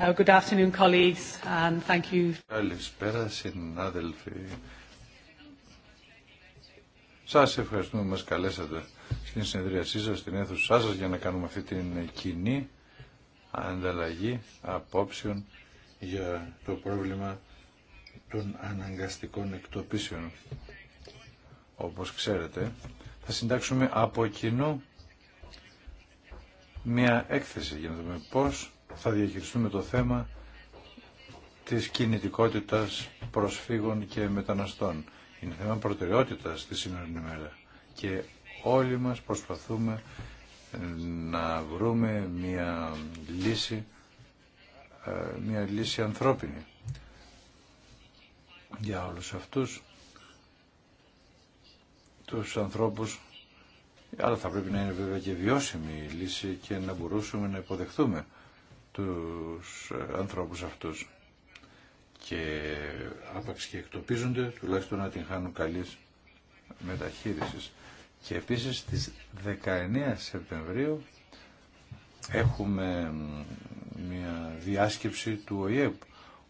Uh, good afternoon, colleagues, and thank you. Καλησπέρα, συνάδελφοι. Σας ευχαριστούμε που μας καλέσατε στην συνεδρίασή σα στην αίθουσά σας για να κάνουμε αυτή την κοινή ανταλλαγή απόψεων για το πρόβλημα των αναγκαστικών εκτοπίσεων. Όπως ξέρετε, θα συντάξουμε από κοινού μια έκθεση για να δούμε πώς θα διαχειριστούμε το θέμα της κινητικότητας προσφύγων και μεταναστών. Είναι θέμα προτεραιότητας τη σημερινή μέρα και όλοι μας προσπαθούμε να βρούμε μια λύση, ε, μια λύση ανθρώπινη για όλους αυτούς τους ανθρώπους αλλά θα πρέπει να είναι βέβαια και βιώσιμη η λύση και να μπορούσουμε να υποδεχθούμε τους ε, ανθρώπους αυτούς και άπαξ και εκτοπίζονται τουλάχιστον να την χάνουν καλής μεταχείρισης. Και επίσης στις 19 Σεπτεμβρίου έχουμε μια διάσκεψη του ΟΗΕΠ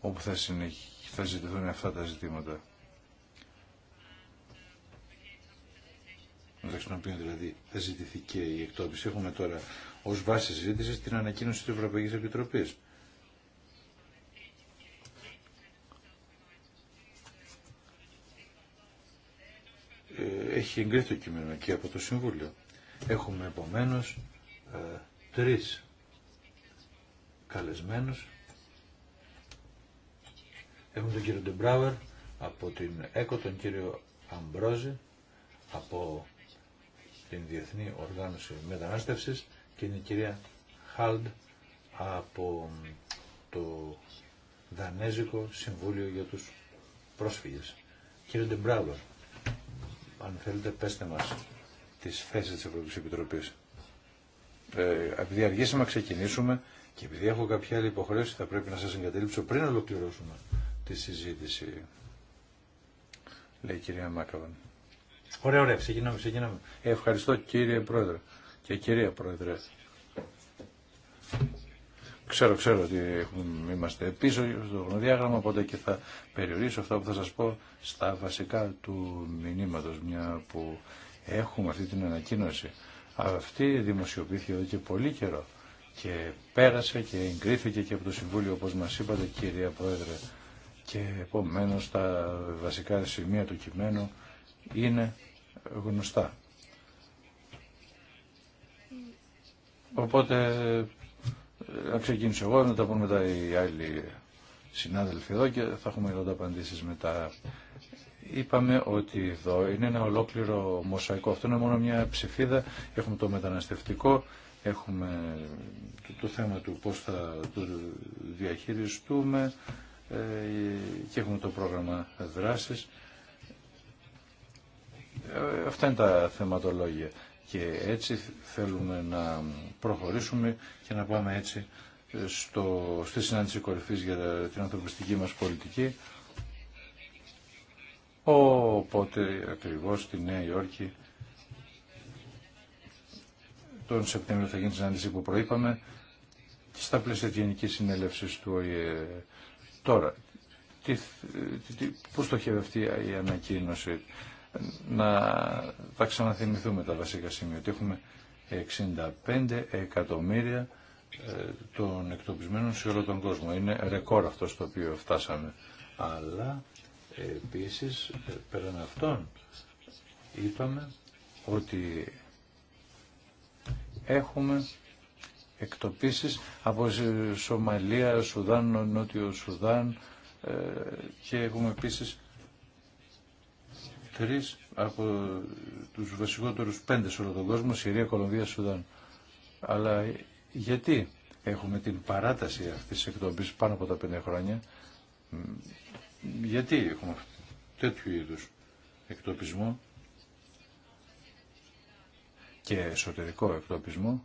όπου θα, θα ζητηθούν αυτά τα ζητήματα. μεταξύ των οποίων δηλαδή θα ζητηθεί και η εκτόπιση. Έχουμε τώρα ως βάση συζήτηση την ανακοίνωση τη Ευρωπαϊκή Επιτροπή. Ε, έχει εγκριθεί το κείμενο και από το Συμβούλιο. Έχουμε επομένως τρει τρεις καλεσμένους. Έχουμε τον κύριο Ντεμπράουερ από την ΕΚΟ, τον κύριο Αμπρόζη από την Διεθνή Οργάνωση Μετανάστευσης και είναι η κυρία Χάλντ από το Δανέζικο Συμβούλιο για τους Πρόσφυγες. Κύριε Ντεμπράβο, αν θέλετε πέστε μας τις θέσεις της Ευρωπαϊκής Επιτροπής. Ε, επειδή αργήσαμε να ξεκινήσουμε και επειδή έχω κάποια άλλη υποχρέωση θα πρέπει να σας εγκαταλείψω πριν ολοκληρώσουμε τη συζήτηση. Λέει η κυρία Μάκαβαν. Ωραία, ωραία, ξεκινάμε, ξεκινάμε. Ε, ευχαριστώ κύριε Πρόεδρε και κυρία Πρόεδρε. Ξέρω, ξέρω ότι είμαστε πίσω στο χρονοδιάγραμμα, οπότε και θα περιορίσω αυτά που θα σας πω στα βασικά του μηνύματος, μια που έχουμε αυτή την ανακοίνωση. Αυτή δημοσιοποιήθηκε εδώ και πολύ καιρό και πέρασε και εγκρίθηκε και από το Συμβούλιο, όπως μας είπατε, κυρία Πρόεδρε. Και επομένως τα βασικά σημεία του κειμένου είναι γνωστά. Οπότε ε, να ξεκινήσω εγώ, να τα πούμε μετά οι άλλοι συνάδελφοι εδώ και θα έχουμε εδώ τα απαντήσει μετά. Είπαμε ότι εδώ είναι ένα ολόκληρο μοσαϊκό. Αυτό είναι μόνο μια ψηφίδα. Έχουμε το μεταναστευτικό, έχουμε το, θέμα του πώς θα το διαχειριστούμε ε, και έχουμε το πρόγραμμα δράσης. Ε, αυτά είναι τα θεματολόγια και έτσι θέλουμε να προχωρήσουμε και να πάμε έτσι στο, στη συνάντηση κορυφής για την ανθρωπιστική μας πολιτική. Οπότε ακριβώς στη Νέα Υόρκη τον Σεπτέμβριο θα γίνει συνάντηση που προείπαμε στα πλαίσια της Γενικής Συνέλευσης του ΟΗΕ. Τώρα, τι, τι, στοχεύει αυτή η ανακοίνωση να τα ξαναθυμηθούμε τα βασικά σημεία. Ότι έχουμε 65 εκατομμύρια ε, των εκτοπισμένων σε όλο τον κόσμο. Είναι ρεκόρ αυτό στο οποίο φτάσαμε. Αλλά επίσης ε, πέραν αυτών είπαμε ότι έχουμε εκτοπίσεις από Σομαλία, Σουδάν, Νότιο Σουδάν ε, και έχουμε επίσης τρεις από τους βασικότερους πέντε σε όλο τον κόσμο, Συρία, Κολομβία, Σουδάν. Αλλά γιατί έχουμε την παράταση αυτής της εκτοπής πάνω από τα πέντε χρόνια, γιατί έχουμε τέτοιου είδους εκτοπισμό και εσωτερικό εκτοπισμό,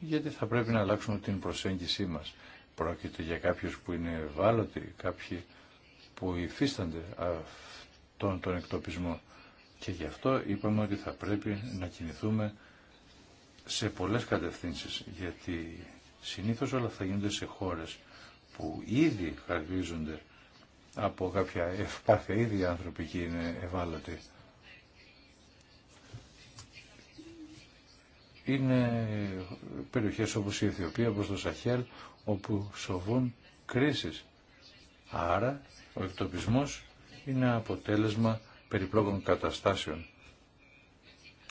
γιατί θα πρέπει να αλλάξουμε την προσέγγισή μας. Πρόκειται για κάποιους που είναι ευάλωτοι, κάποιοι που υφίστανται τον, τον εκτοπισμό. Και γι' αυτό είπαμε ότι θα πρέπει να κινηθούμε σε πολλές κατευθύνσεις, γιατί συνήθως όλα θα γίνονται σε χώρες που ήδη χαρτίζονται από κάποια ευπάθεια, ήδη άνθρωποι και είναι ευάλωτοι. Είναι περιοχές όπως η Αιθιοπία, όπως το Σαχέλ, όπου σοβούν κρίσεις. Άρα ο εκτοπισμός είναι αποτέλεσμα περιπλόκων καταστάσεων.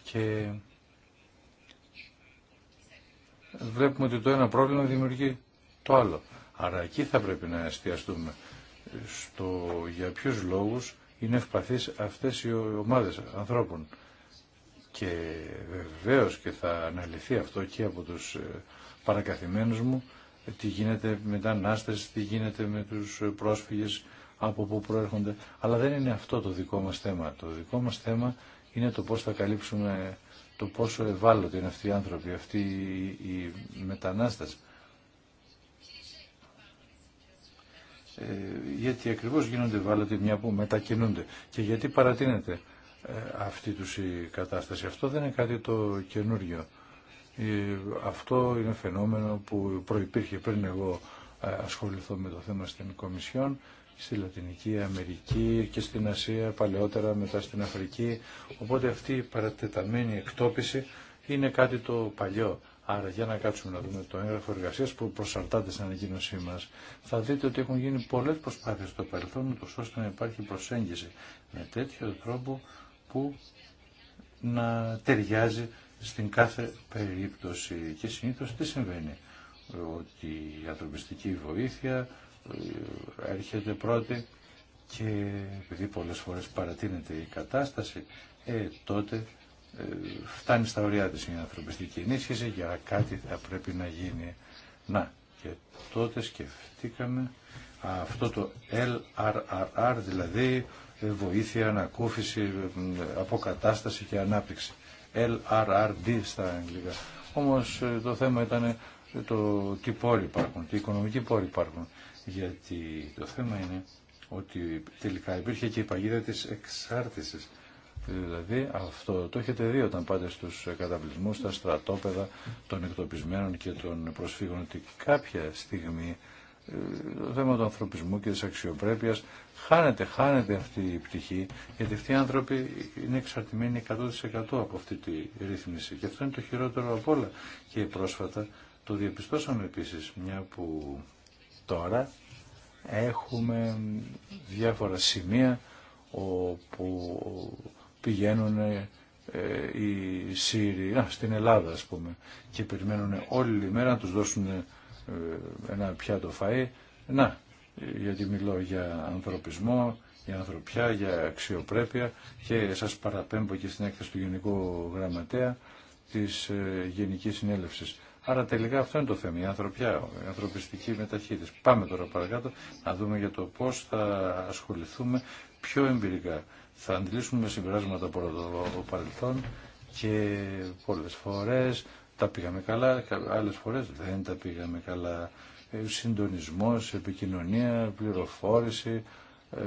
Και βλέπουμε ότι το ένα πρόβλημα δημιουργεί το άλλο. Άρα εκεί θα πρέπει να εστιαστούμε στο για ποιους λόγους είναι ευπαθείς αυτές οι ομάδες ανθρώπων. Και βεβαίω και θα αναλυθεί αυτό και από τους ε, παρακαθημένους μου, τι γίνεται με τα τι γίνεται με τους ε, πρόσφυγες, από πού προέρχονται, αλλά δεν είναι αυτό το δικό μας θέμα. Το δικό μας θέμα είναι το πώς θα καλύψουμε το πόσο ευάλωτοι είναι αυτοί οι άνθρωποι, αυτοί οι μετανάστες. Ε, γιατί ακριβώς γίνονται ευάλωτοι μια που μετακινούνται και γιατί παρατείνεται ε, αυτή τους η κατάσταση. Αυτό δεν είναι κάτι το καινούριο. Ε, αυτό είναι φαινόμενο που προϋπήρχε πριν εγώ ασχοληθώ με το θέμα στην Κομισιόν στη Λατινική Αμερική και στην Ασία, παλαιότερα μετά στην Αφρική. Οπότε αυτή η παρατεταμένη εκτόπιση είναι κάτι το παλιό. Άρα για να κάτσουμε να δούμε το έγγραφο εργασία που προσαρτάται στην ανακοίνωσή μα, θα δείτε ότι έχουν γίνει πολλέ προσπάθειε στο παρελθόν, τόσο ώστε να υπάρχει προσέγγιση με τέτοιο τρόπο που να ταιριάζει στην κάθε περίπτωση. Και συνήθω τι συμβαίνει, ότι η ανθρωπιστική βοήθεια έρχεται πρώτη και επειδή πολλές φορές παρατείνεται η κατάσταση, ε, τότε ε, φτάνει στα ωριά της η ανθρωπιστική ενίσχυση για κάτι θα πρέπει να γίνει. Να, και τότε σκεφτήκαμε αυτό το LRRR, δηλαδή ε, βοήθεια, ανακούφιση, αποκατάσταση και ανάπτυξη. LRRD στα αγγλικά. Όμως το θέμα ήταν το τι πόροι υπάρχουν, τι οικονομικοί πόροι υπάρχουν γιατί το θέμα είναι ότι τελικά υπήρχε και η παγίδα της εξάρτησης. Δηλαδή αυτό το έχετε δει όταν πάτε στους καταβλισμούς, στα στρατόπεδα των εκτοπισμένων και των προσφύγων ότι κάποια στιγμή ε, το θέμα του ανθρωπισμού και της αξιοπρέπειας χάνεται, χάνεται αυτή η πτυχή γιατί αυτοί οι άνθρωποι είναι εξαρτημένοι 100% από αυτή τη ρύθμιση και αυτό είναι το χειρότερο από όλα και πρόσφατα το διαπιστώσαμε επίσης μια που Τώρα έχουμε διάφορα σημεία όπου πηγαίνουν ε, οι Σύριοι στην Ελλάδα ας πούμε και περιμένουν όλη η μέρα να τους δώσουν ε, ένα πιάτο φαΐ να, γιατί μιλώ για ανθρωπισμό, για ανθρωπιά, για αξιοπρέπεια και σας παραπέμπω και στην έκθεση του Γενικού Γραμματέα της ε, Γενικής Συνέλευσης Άρα τελικά αυτό είναι το θέμα, η ανθρωπιά, η ανθρωπιστική μεταχείριση. Πάμε τώρα παρακάτω να δούμε για το πώς θα ασχοληθούμε πιο εμπειρικά. Θα αντιλήσουμε συμπεράσματα από το παρελθόν και πολλές φορές τα πήγαμε καλά, άλλες φορές δεν τα πήγαμε καλά. Ε, συντονισμός, επικοινωνία, πληροφόρηση, ε,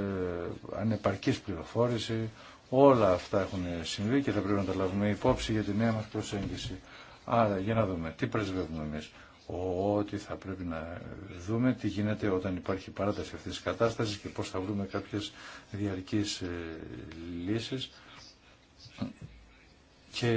ανεπαρκής πληροφόρηση, όλα αυτά έχουν συμβεί και θα πρέπει να τα λάβουμε υπόψη για τη νέα μας προσέγγιση. Άρα, για να δούμε, τι πρεσβεύουμε εμείς. Ότι θα πρέπει να δούμε τι γίνεται όταν υπάρχει παράταση αυτής της κατάστασης και πώς θα βρούμε κάποιες διαρκείς ε, λύσεις. Και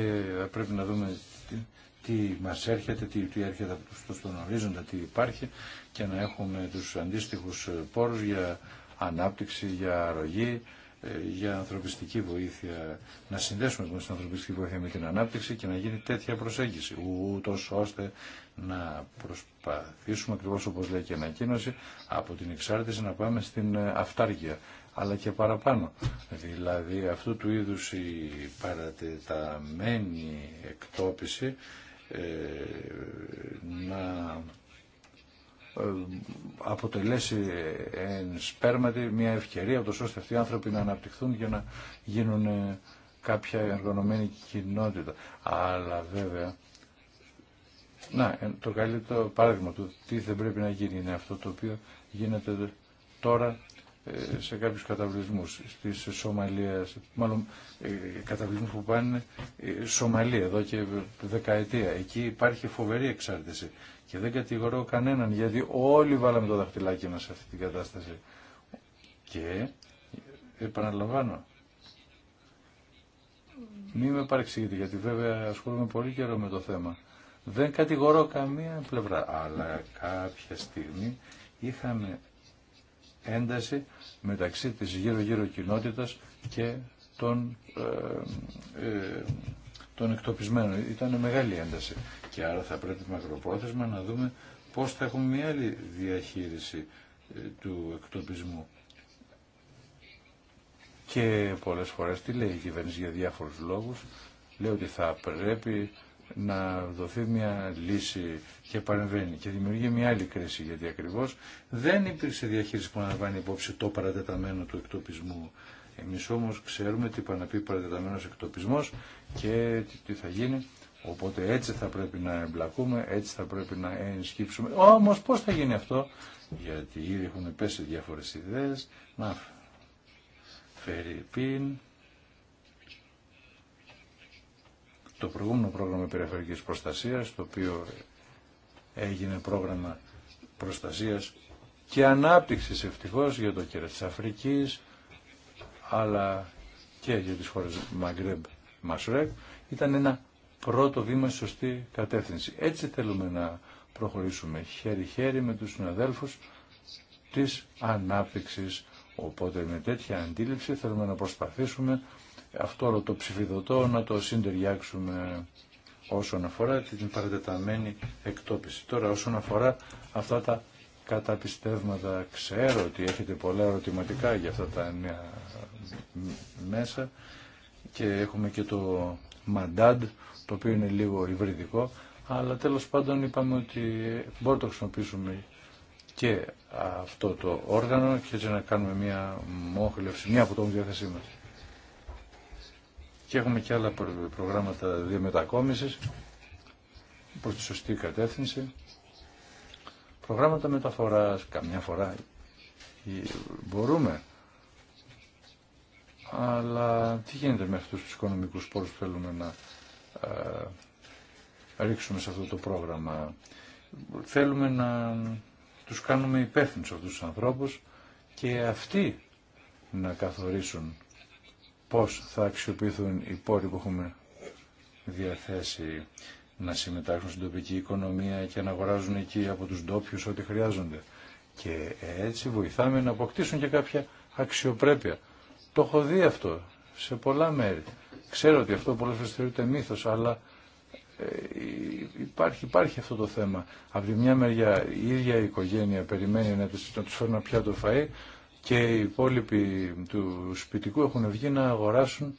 πρέπει να δούμε τι, τι μας έρχεται, τι, έρχεται το στον ορίζοντα, τι υπάρχει και να έχουμε τους αντίστοιχους ε, πόρους για ανάπτυξη, για αρρωγή, ε, για ανθρωπιστική βοήθεια, να συνδέσουμε λοιπόν, την ανθρωπιστική βοήθεια με την ανάπτυξη και να γίνει τέτοια προσέγγιση, ούτω ώστε να προσπαθήσουμε ακριβώ όπω λέει και η ανακοίνωση από την εξάρτηση να πάμε στην ε, αυτάρκεια αλλά και παραπάνω. Δηλαδή αυτού του είδους η παρατεταμένη εκτόπιση ε, να ε, αποτελέσει εν σπέρματι μια ευκαιρία ώστε αυτοί οι άνθρωποι να αναπτυχθούν για να γίνουν ε, κάποια εργονομένη κοινότητα. Αλλά βέβαια, να, ε, το καλύτερο παράδειγμα του τι δεν πρέπει να γίνει είναι αυτό το οποίο γίνεται τώρα σε κάποιους καταβλισμούς στις Σομαλίας, μάλλον καταβλισμούς που πάνε Σομαλία εδώ και δεκαετία. Εκεί υπάρχει φοβερή εξάρτηση και δεν κατηγορώ κανέναν γιατί όλοι βάλαμε το δαχτυλάκι μας σε αυτή την κατάσταση. Και επαναλαμβάνω, μην με παρεξηγείτε γιατί βέβαια ασχολούμαι πολύ καιρό με το θέμα. Δεν κατηγορώ καμία πλευρά, αλλά κάποια στιγμή είχαμε ένταση μεταξύ της γύρω-γύρω κοινότητας και των ε, ε των εκτόπισμενο Ήταν μεγάλη ένταση. Και άρα θα πρέπει μακροπρόθεσμα να δούμε πώς θα έχουμε μια άλλη διαχείριση ε, του εκτοπισμού. Και πολλές φορές τι λέει η κυβέρνηση για διάφορους λόγους. Λέει ότι θα πρέπει να δοθεί μια λύση και παρεμβαίνει και δημιουργεί μια άλλη κρίση γιατί ακριβώς δεν υπήρξε διαχείριση που να λαμβάνει υπόψη το παρατεταμένο του εκτοπισμού εμείς όμως ξέρουμε τι πει παρατεταμένος εκτοπισμός και τι θα γίνει. Οπότε έτσι θα πρέπει να εμπλακούμε, έτσι θα πρέπει να ενισχύψουμε. Όμως πώς θα γίνει αυτό, γιατί ήδη έχουν πέσει διάφορες ιδέες. Να φέρει πίν. Το προηγούμενο πρόγραμμα περιφερειακής προστασίας, το οποίο έγινε πρόγραμμα προστασίας και ανάπτυξης ευτυχώς για το κέρα της Αφρικής, αλλά και για τις χώρες Μαγκρέμπ Μασουρέκ ήταν ένα πρώτο βήμα στη σωστή κατεύθυνση. Έτσι θέλουμε να προχωρήσουμε χέρι-χέρι με τους συναδέλφους της ανάπτυξης. Οπότε με τέτοια αντίληψη θέλουμε να προσπαθήσουμε αυτό το ψηφιδωτό να το συντεριάξουμε όσον αφορά την παρατεταμένη εκτόπιση. Τώρα όσον αφορά αυτά τα κατά πιστεύματα Ξέρω ότι έχετε πολλά ερωτηματικά για αυτά τα νέα μέσα και έχουμε και το Μαντάντ, το οποίο είναι λίγο υβριδικό, αλλά τέλος πάντων είπαμε ότι μπορούμε να το χρησιμοποιήσουμε και αυτό το όργανο και έτσι να κάνουμε μια μόχλευση, μια από τον διάθεσή μας. Και έχουμε και άλλα προγράμματα διαμετακόμισης προς τη σωστή κατεύθυνση προγράμματα μεταφοράς, καμιά φορά ε, μπορούμε. Αλλά τι γίνεται με αυτούς τους οικονομικούς πόρους που θέλουμε να ε, ρίξουμε σε αυτό το πρόγραμμα. Θέλουμε να τους κάνουμε υπεύθυνους αυτούς τους ανθρώπους και αυτοί να καθορίσουν πώς θα αξιοποιηθούν οι πόροι που έχουμε διαθέσει να συμμετάσχουν στην τοπική οικονομία και να αγοράζουν εκεί από τους ντόπιου ό,τι χρειάζονται. Και έτσι βοηθάμε να αποκτήσουν και κάποια αξιοπρέπεια. Το έχω δει αυτό σε πολλά μέρη. Ξέρω ότι αυτό πολλές φορές θεωρείται μύθος, αλλά ε, υπάρχει, υπάρχει αυτό το θέμα. Από τη μια μεριά η ίδια η οικογένεια περιμένει να τους, να τους φέρουν πια φαΐ και οι υπόλοιποι του σπιτικού έχουν βγει να αγοράσουν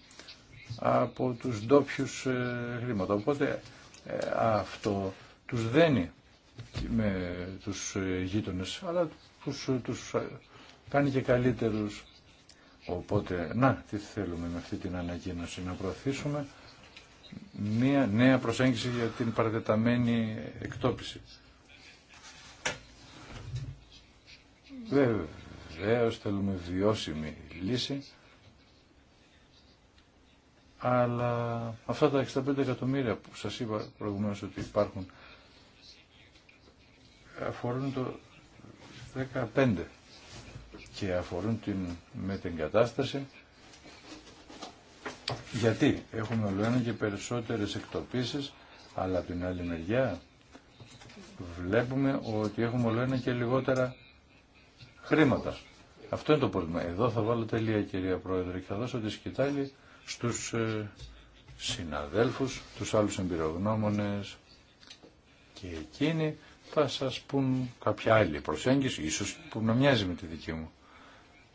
από τους ντόπιου ε, χρήματα. Οπότε ε, αυτό τους δένει με τους ε, γείτονες, αλλά τους, ε, τους κάνει και καλύτερους. Οπότε, να, τι θέλουμε με αυτή την ανακοίνωση, να προωθήσουμε μία νέα προσέγγιση για την παρατεταμένη εκτόπιση. βεβαίω θέλουμε βιώσιμη λύση αλλά αυτά τα 65 εκατομμύρια που σας είπα προηγουμένως ότι υπάρχουν αφορούν το 15 και αφορούν την μετεγκατάσταση γιατί έχουμε όλο ένα και περισσότερες εκτοπίσεις αλλά από την άλλη μεριά βλέπουμε ότι έχουμε όλο ένα και λιγότερα χρήματα. Αυτό είναι το πρόβλημα. Εδώ θα βάλω τελεία κυρία Πρόεδρε και θα δώσω τη σκητάλη στους ε, συναδέλφους, τους άλλους εμπειρογνώμονες και εκείνοι θα σας πούν κάποια άλλη προσέγγιση, ίσως που να μοιάζει με τη δική μου.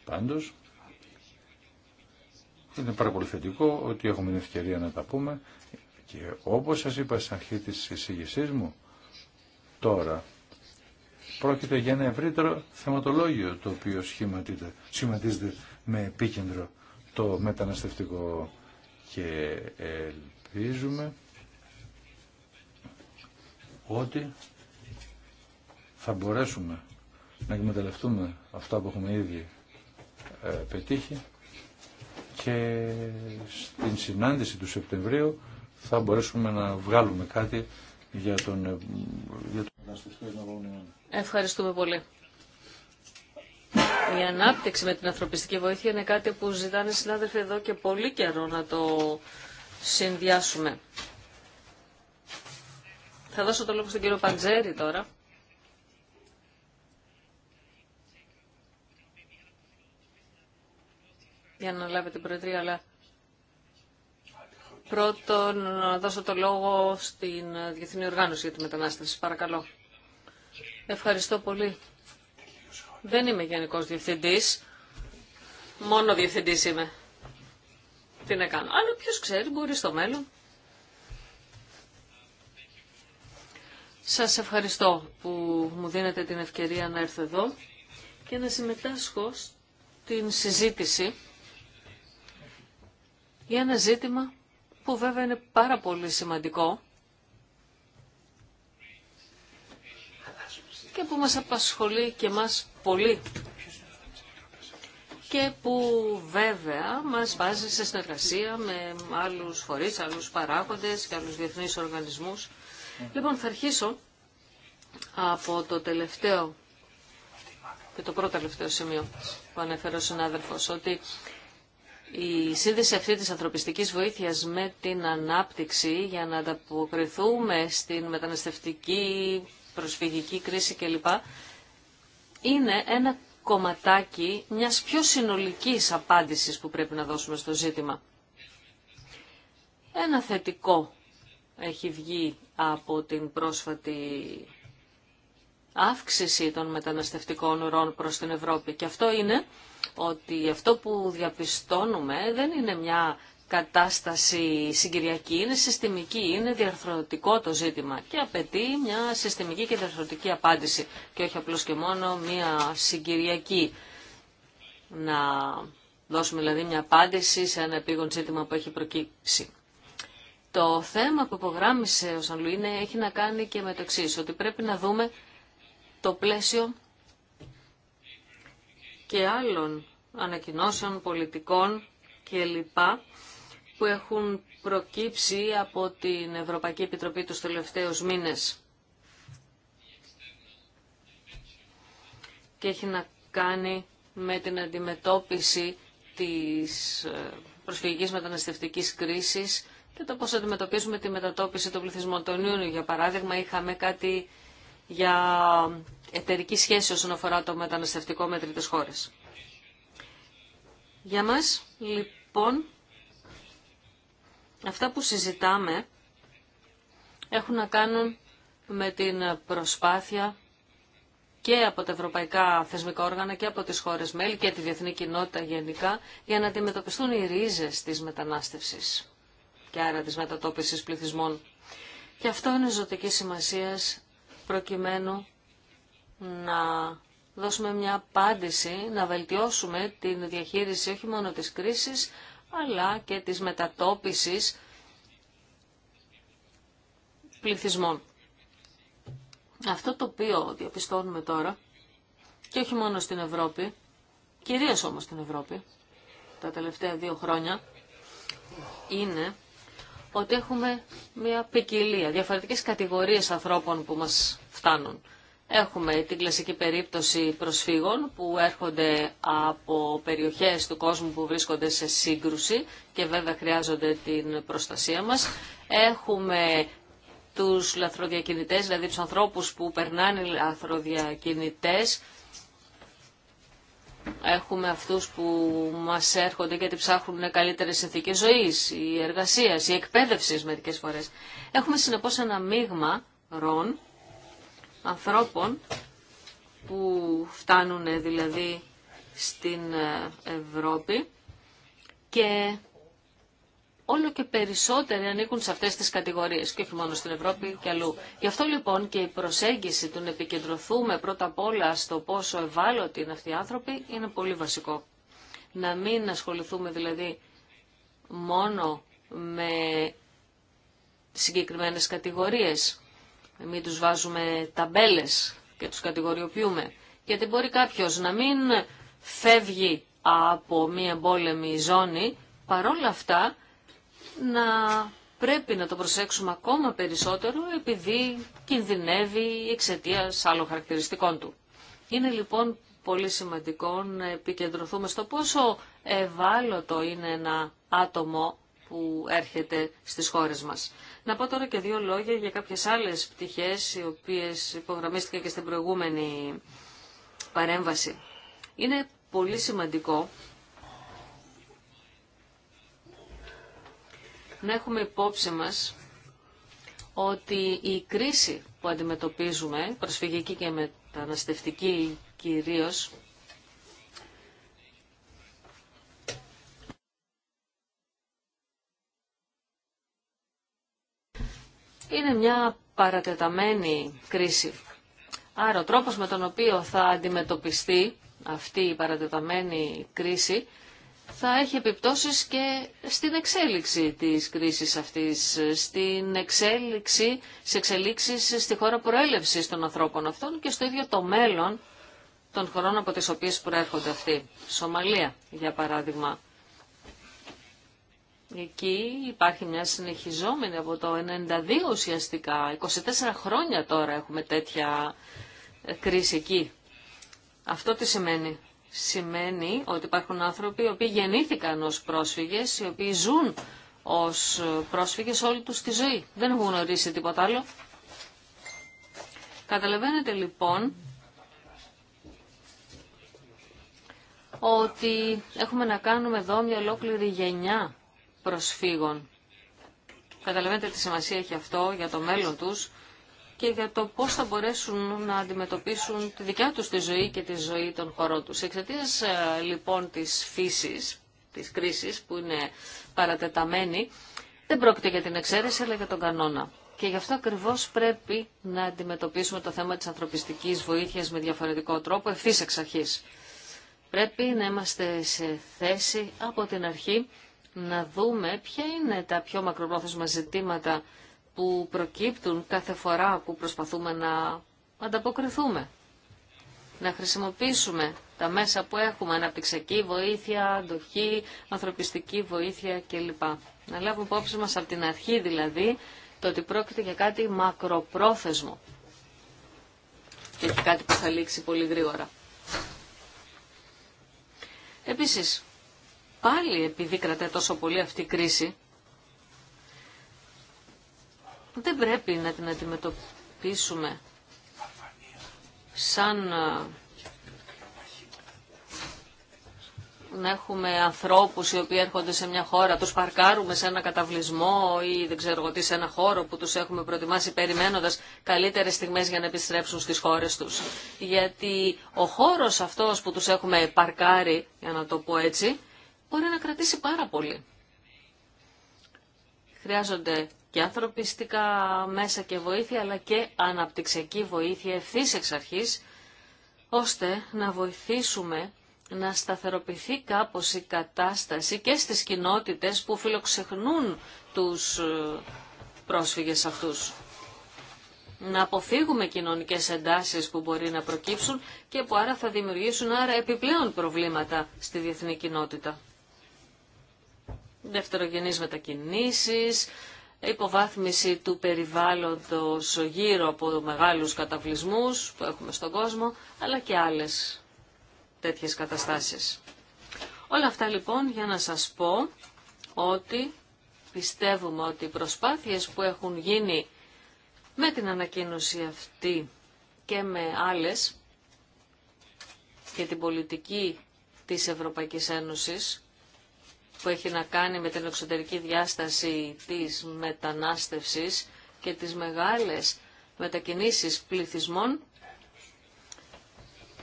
Πάντως, είναι πάρα πολύ θετικό ότι έχουμε την ευκαιρία να τα πούμε και όπως σας είπα στην αρχή της εισήγησής μου, τώρα πρόκειται για ένα ευρύτερο θεματολόγιο το οποίο σχηματίζεται με επίκεντρο το μεταναστευτικό και ελπίζουμε ότι θα μπορέσουμε να εκμεταλλευτούμε αυτά που έχουμε ήδη ε, πετύχει και στην συνάντηση του Σεπτεμβρίου θα μπορέσουμε να βγάλουμε κάτι για τον, ε, για τον... Ευχαριστούμε πολύ. Η ανάπτυξη με την ανθρωπιστική βοήθεια είναι κάτι που ζητάνε συνάδελφοι εδώ και πολύ καιρό να το συνδυάσουμε. Θα δώσω το λόγο στον κύριο Παντζέρη τώρα. Για να λάβετε την Προεδρία, αλλά πρώτον να δώσω το λόγο στην Διεθνή Οργάνωση για τη Μετανάστευση. Παρακαλώ. Ευχαριστώ πολύ. Δεν είμαι γενικό διευθυντή, Μόνο διευθυντή είμαι. Τι να κάνω. Αλλά ποιο ξέρει, μπορεί στο μέλλον. Σας ευχαριστώ που μου δίνετε την ευκαιρία να έρθω εδώ και να συμμετάσχω στην συζήτηση για ένα ζήτημα που βέβαια είναι πάρα πολύ σημαντικό και που μας απασχολεί και μας πολύ και που βέβαια μας βάζει σε συνεργασία με άλλους φορείς, άλλους παράγοντες και άλλους διεθνείς οργανισμούς. Λοιπόν, θα αρχίσω από το τελευταίο και το πρώτο τελευταίο σημείο που ανέφερε ο συνάδελφος, ότι η σύνδεση αυτή της ανθρωπιστικής βοήθειας με την ανάπτυξη για να ανταποκριθούμε στην μεταναστευτική προσφυγική κρίση κλπ. είναι ένα κομματάκι μιας πιο συνολικής απάντησης που πρέπει να δώσουμε στο ζήτημα. Ένα θετικό έχει βγει από την πρόσφατη αύξηση των μεταναστευτικών ουρών προς την Ευρώπη. Και αυτό είναι ότι αυτό που διαπιστώνουμε δεν είναι μια κατάσταση συγκυριακή, είναι συστημική, είναι διαρθρωτικό το ζήτημα και απαιτεί μια συστημική και διαρθρωτική απάντηση και όχι απλώς και μόνο μια συγκυριακή. Να δώσουμε δηλαδή μια απάντηση σε ένα επίγον ζήτημα που έχει προκύψει. Το θέμα που υπογράμμισε ο Σανλουίνε έχει να κάνει και με το εξή, ότι πρέπει να δούμε το πλαίσιο και άλλων ανακοινώσεων, πολιτικών και που έχουν προκύψει από την Ευρωπαϊκή Επιτροπή τους τελευταίους μήνες. Και έχει να κάνει με την αντιμετώπιση της ε, προσφυγικής μεταναστευτικής κρίσης και το πώς αντιμετωπίζουμε τη μετατόπιση των πληθυσμών των Ιούνιου. Για παράδειγμα, είχαμε κάτι για εταιρική σχέση όσον αφορά το μεταναστευτικό με τρίτες χώρες. Για μας, λοιπόν, Αυτά που συζητάμε έχουν να κάνουν με την προσπάθεια και από τα ευρωπαϊκά θεσμικά όργανα και από τις χώρες μέλη και τη διεθνή κοινότητα γενικά για να αντιμετωπιστούν οι ρίζες της μετανάστευσης και άρα της μετατόπισης πληθυσμών. Και αυτό είναι ζωτική σημασία προκειμένου να δώσουμε μια απάντηση, να βελτιώσουμε την διαχείριση όχι μόνο της κρίσης, αλλά και της μετατόπισης πληθυσμών. Αυτό το οποίο διαπιστώνουμε τώρα, και όχι μόνο στην Ευρώπη, κυρίως όμως στην Ευρώπη, τα τελευταία δύο χρόνια, είναι ότι έχουμε μια ποικιλία, διαφορετικές κατηγορίες ανθρώπων που μας φτάνουν. Έχουμε την κλασική περίπτωση προσφύγων που έρχονται από περιοχές του κόσμου που βρίσκονται σε σύγκρουση και βέβαια χρειάζονται την προστασία μας. Έχουμε τους λαθροδιακινητές, δηλαδή τους ανθρώπους που περνάνε λαθροδιακινητές. Έχουμε αυτούς που μας έρχονται γιατί ψάχνουν καλύτερες συνθήκες ζωής, η εργασία, η εκπαίδευση μερικές φορές. Έχουμε συνεπώς ένα μείγμα ρόν ανθρώπων που φτάνουν δηλαδή στην ε, Ευρώπη και όλο και περισσότεροι ανήκουν σε αυτές τις κατηγορίες και όχι μόνο στην Ευρώπη και αλλού. Γι' αυτό λοιπόν και η προσέγγιση του να επικεντρωθούμε πρώτα απ' όλα στο πόσο ευάλωτοι είναι αυτοί οι άνθρωποι είναι πολύ βασικό. Να μην ασχοληθούμε δηλαδή μόνο με συγκεκριμένες κατηγορίες μην τους βάζουμε ταμπέλες και τους κατηγοριοποιούμε. Γιατί μπορεί κάποιος να μην φεύγει από μία εμπόλεμη ζώνη, παρόλα αυτά να πρέπει να το προσέξουμε ακόμα περισσότερο επειδή κινδυνεύει εξαιτία άλλων χαρακτηριστικών του. Είναι λοιπόν πολύ σημαντικό να επικεντρωθούμε στο πόσο ευάλωτο είναι ένα άτομο που έρχεται στις χώρες μας. Να πω τώρα και δύο λόγια για κάποιες άλλες πτυχές, οι οποίες υπογραμμίστηκαν και στην προηγούμενη παρέμβαση. Είναι πολύ σημαντικό να έχουμε υπόψη μας ότι η κρίση που αντιμετωπίζουμε, προσφυγική και μεταναστευτική κυρίως, Είναι μια παρατεταμένη κρίση. Άρα ο τρόπος με τον οποίο θα αντιμετωπιστεί αυτή η παρατεταμένη κρίση θα έχει επιπτώσεις και στην εξέλιξη της κρίσης αυτής, στην εξέλιξη, σε εξελίξεις στη χώρα προέλευσης των ανθρώπων αυτών και στο ίδιο το μέλλον των χωρών από τις οποίες προέρχονται αυτοί. Σομαλία, για παράδειγμα. Εκεί υπάρχει μια συνεχιζόμενη από το 92 ουσιαστικά, 24 χρόνια τώρα έχουμε τέτοια ε, κρίση εκεί. Αυτό τι σημαίνει. Σημαίνει ότι υπάρχουν άνθρωποι οι οποίοι γεννήθηκαν ως πρόσφυγες, οι οποίοι ζουν ως ε, πρόσφυγες όλη τους τη ζωή. Δεν έχουν γνωρίσει τίποτα άλλο. Καταλαβαίνετε λοιπόν ότι έχουμε να κάνουμε εδώ μια ολόκληρη γενιά προσφύγων. Καταλαβαίνετε τι σημασία έχει αυτό για το μέλλον τους και για το πώς θα μπορέσουν να αντιμετωπίσουν τη δικιά τους τη ζωή και τη ζωή των χωρών τους. Εξαιτία ε, λοιπόν της φύσης, της κρίσης που είναι παρατεταμένη, δεν πρόκειται για την εξαίρεση αλλά για τον κανόνα. Και γι' αυτό ακριβώ πρέπει να αντιμετωπίσουμε το θέμα της ανθρωπιστικής βοήθειας με διαφορετικό τρόπο ευθύ εξ αρχής. Πρέπει να είμαστε σε θέση από την αρχή να δούμε ποια είναι τα πιο μακροπρόθεσμα ζητήματα που προκύπτουν κάθε φορά που προσπαθούμε να ανταποκριθούμε. Να χρησιμοποιήσουμε τα μέσα που έχουμε, αναπτυξιακή βοήθεια, αντοχή, ανθρωπιστική βοήθεια κλπ. Να λάβουμε υπόψη μας από την αρχή δηλαδή το ότι πρόκειται για κάτι μακροπρόθεσμο και όχι κάτι που θα λήξει πολύ γρήγορα. Επίσης, πάλι επειδή κρατάει τόσο πολύ αυτή η κρίση, δεν πρέπει να την αντιμετωπίσουμε σαν ε, να έχουμε ανθρώπους οι οποίοι έρχονται σε μια χώρα, τους παρκάρουμε σε ένα καταβλισμό ή δεν ξέρω τι σε ένα χώρο που τους έχουμε προετοιμάσει περιμένοντας καλύτερες στιγμές για να επιστρέψουν στις χώρες τους. Γιατί ο χώρος αυτός που τους έχουμε παρκάρει, για να το πω έτσι, μπορεί να κρατήσει πάρα πολύ. Χρειάζονται και ανθρωπιστικά μέσα και βοήθεια, αλλά και αναπτυξιακή βοήθεια ευθύ εξ αρχής, ώστε να βοηθήσουμε να σταθεροποιηθεί κάπως η κατάσταση και στις κοινότητες που φιλοξεχνούν τους ε, πρόσφυγες αυτούς. Να αποφύγουμε κοινωνικές εντάσεις που μπορεί να προκύψουν και που άρα θα δημιουργήσουν άρα επιπλέον προβλήματα στη διεθνή κοινότητα δευτερογενείς μετακινήσεις, υποβάθμιση του περιβάλλοντος γύρω από μεγάλους καταβλισμούς που έχουμε στον κόσμο, αλλά και άλλες τέτοιες καταστάσεις. Όλα αυτά λοιπόν για να σας πω ότι πιστεύουμε ότι οι προσπάθειες που έχουν γίνει με την ανακοίνωση αυτή και με άλλες και την πολιτική της Ευρωπαϊκής Ένωσης που έχει να κάνει με την εξωτερική διάσταση της μετανάστευσης και τις μεγάλες μετακινήσεις πληθυσμών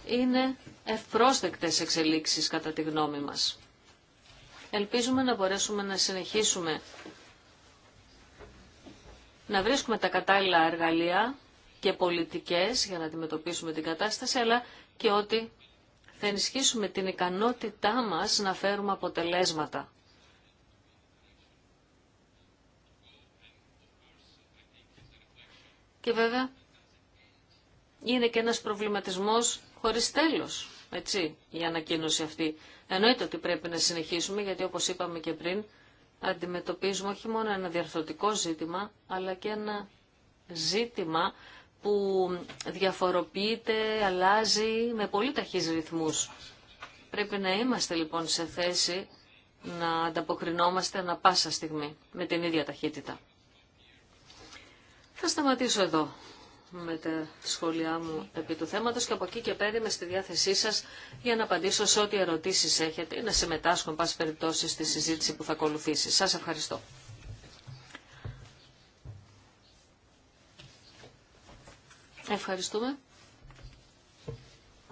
είναι ευπρόσδεκτες εξελίξεις κατά τη γνώμη μας. Ελπίζουμε να μπορέσουμε να συνεχίσουμε να βρίσκουμε τα κατάλληλα εργαλεία και πολιτικές για να αντιμετωπίσουμε την κατάσταση, αλλά και ότι θα ενισχύσουμε την ικανότητά μας να φέρουμε αποτελέσματα. Και βέβαια είναι και ένας προβληματισμός χωρίς τέλος, έτσι, η ανακοίνωση αυτή. Εννοείται ότι πρέπει να συνεχίσουμε, γιατί όπως είπαμε και πριν, αντιμετωπίζουμε όχι μόνο ένα διαρθρωτικό ζήτημα, αλλά και ένα ζήτημα που διαφοροποιείται, αλλάζει με πολύ ταχύς ρυθμούς. Πρέπει να είμαστε λοιπόν σε θέση να ανταποκρινόμαστε ανα πάσα στιγμή με την ίδια ταχύτητα. Θα σταματήσω εδώ με τα σχόλιά μου επί του θέματος και από εκεί και πέρα είμαι στη διάθεσή σας για να απαντήσω σε ό,τι ερωτήσεις έχετε ή να συμμετάσχω, εν πάση περιπτώσει, στη συζήτηση που θα ακολουθήσει. Σας ευχαριστώ. Ευχαριστούμε.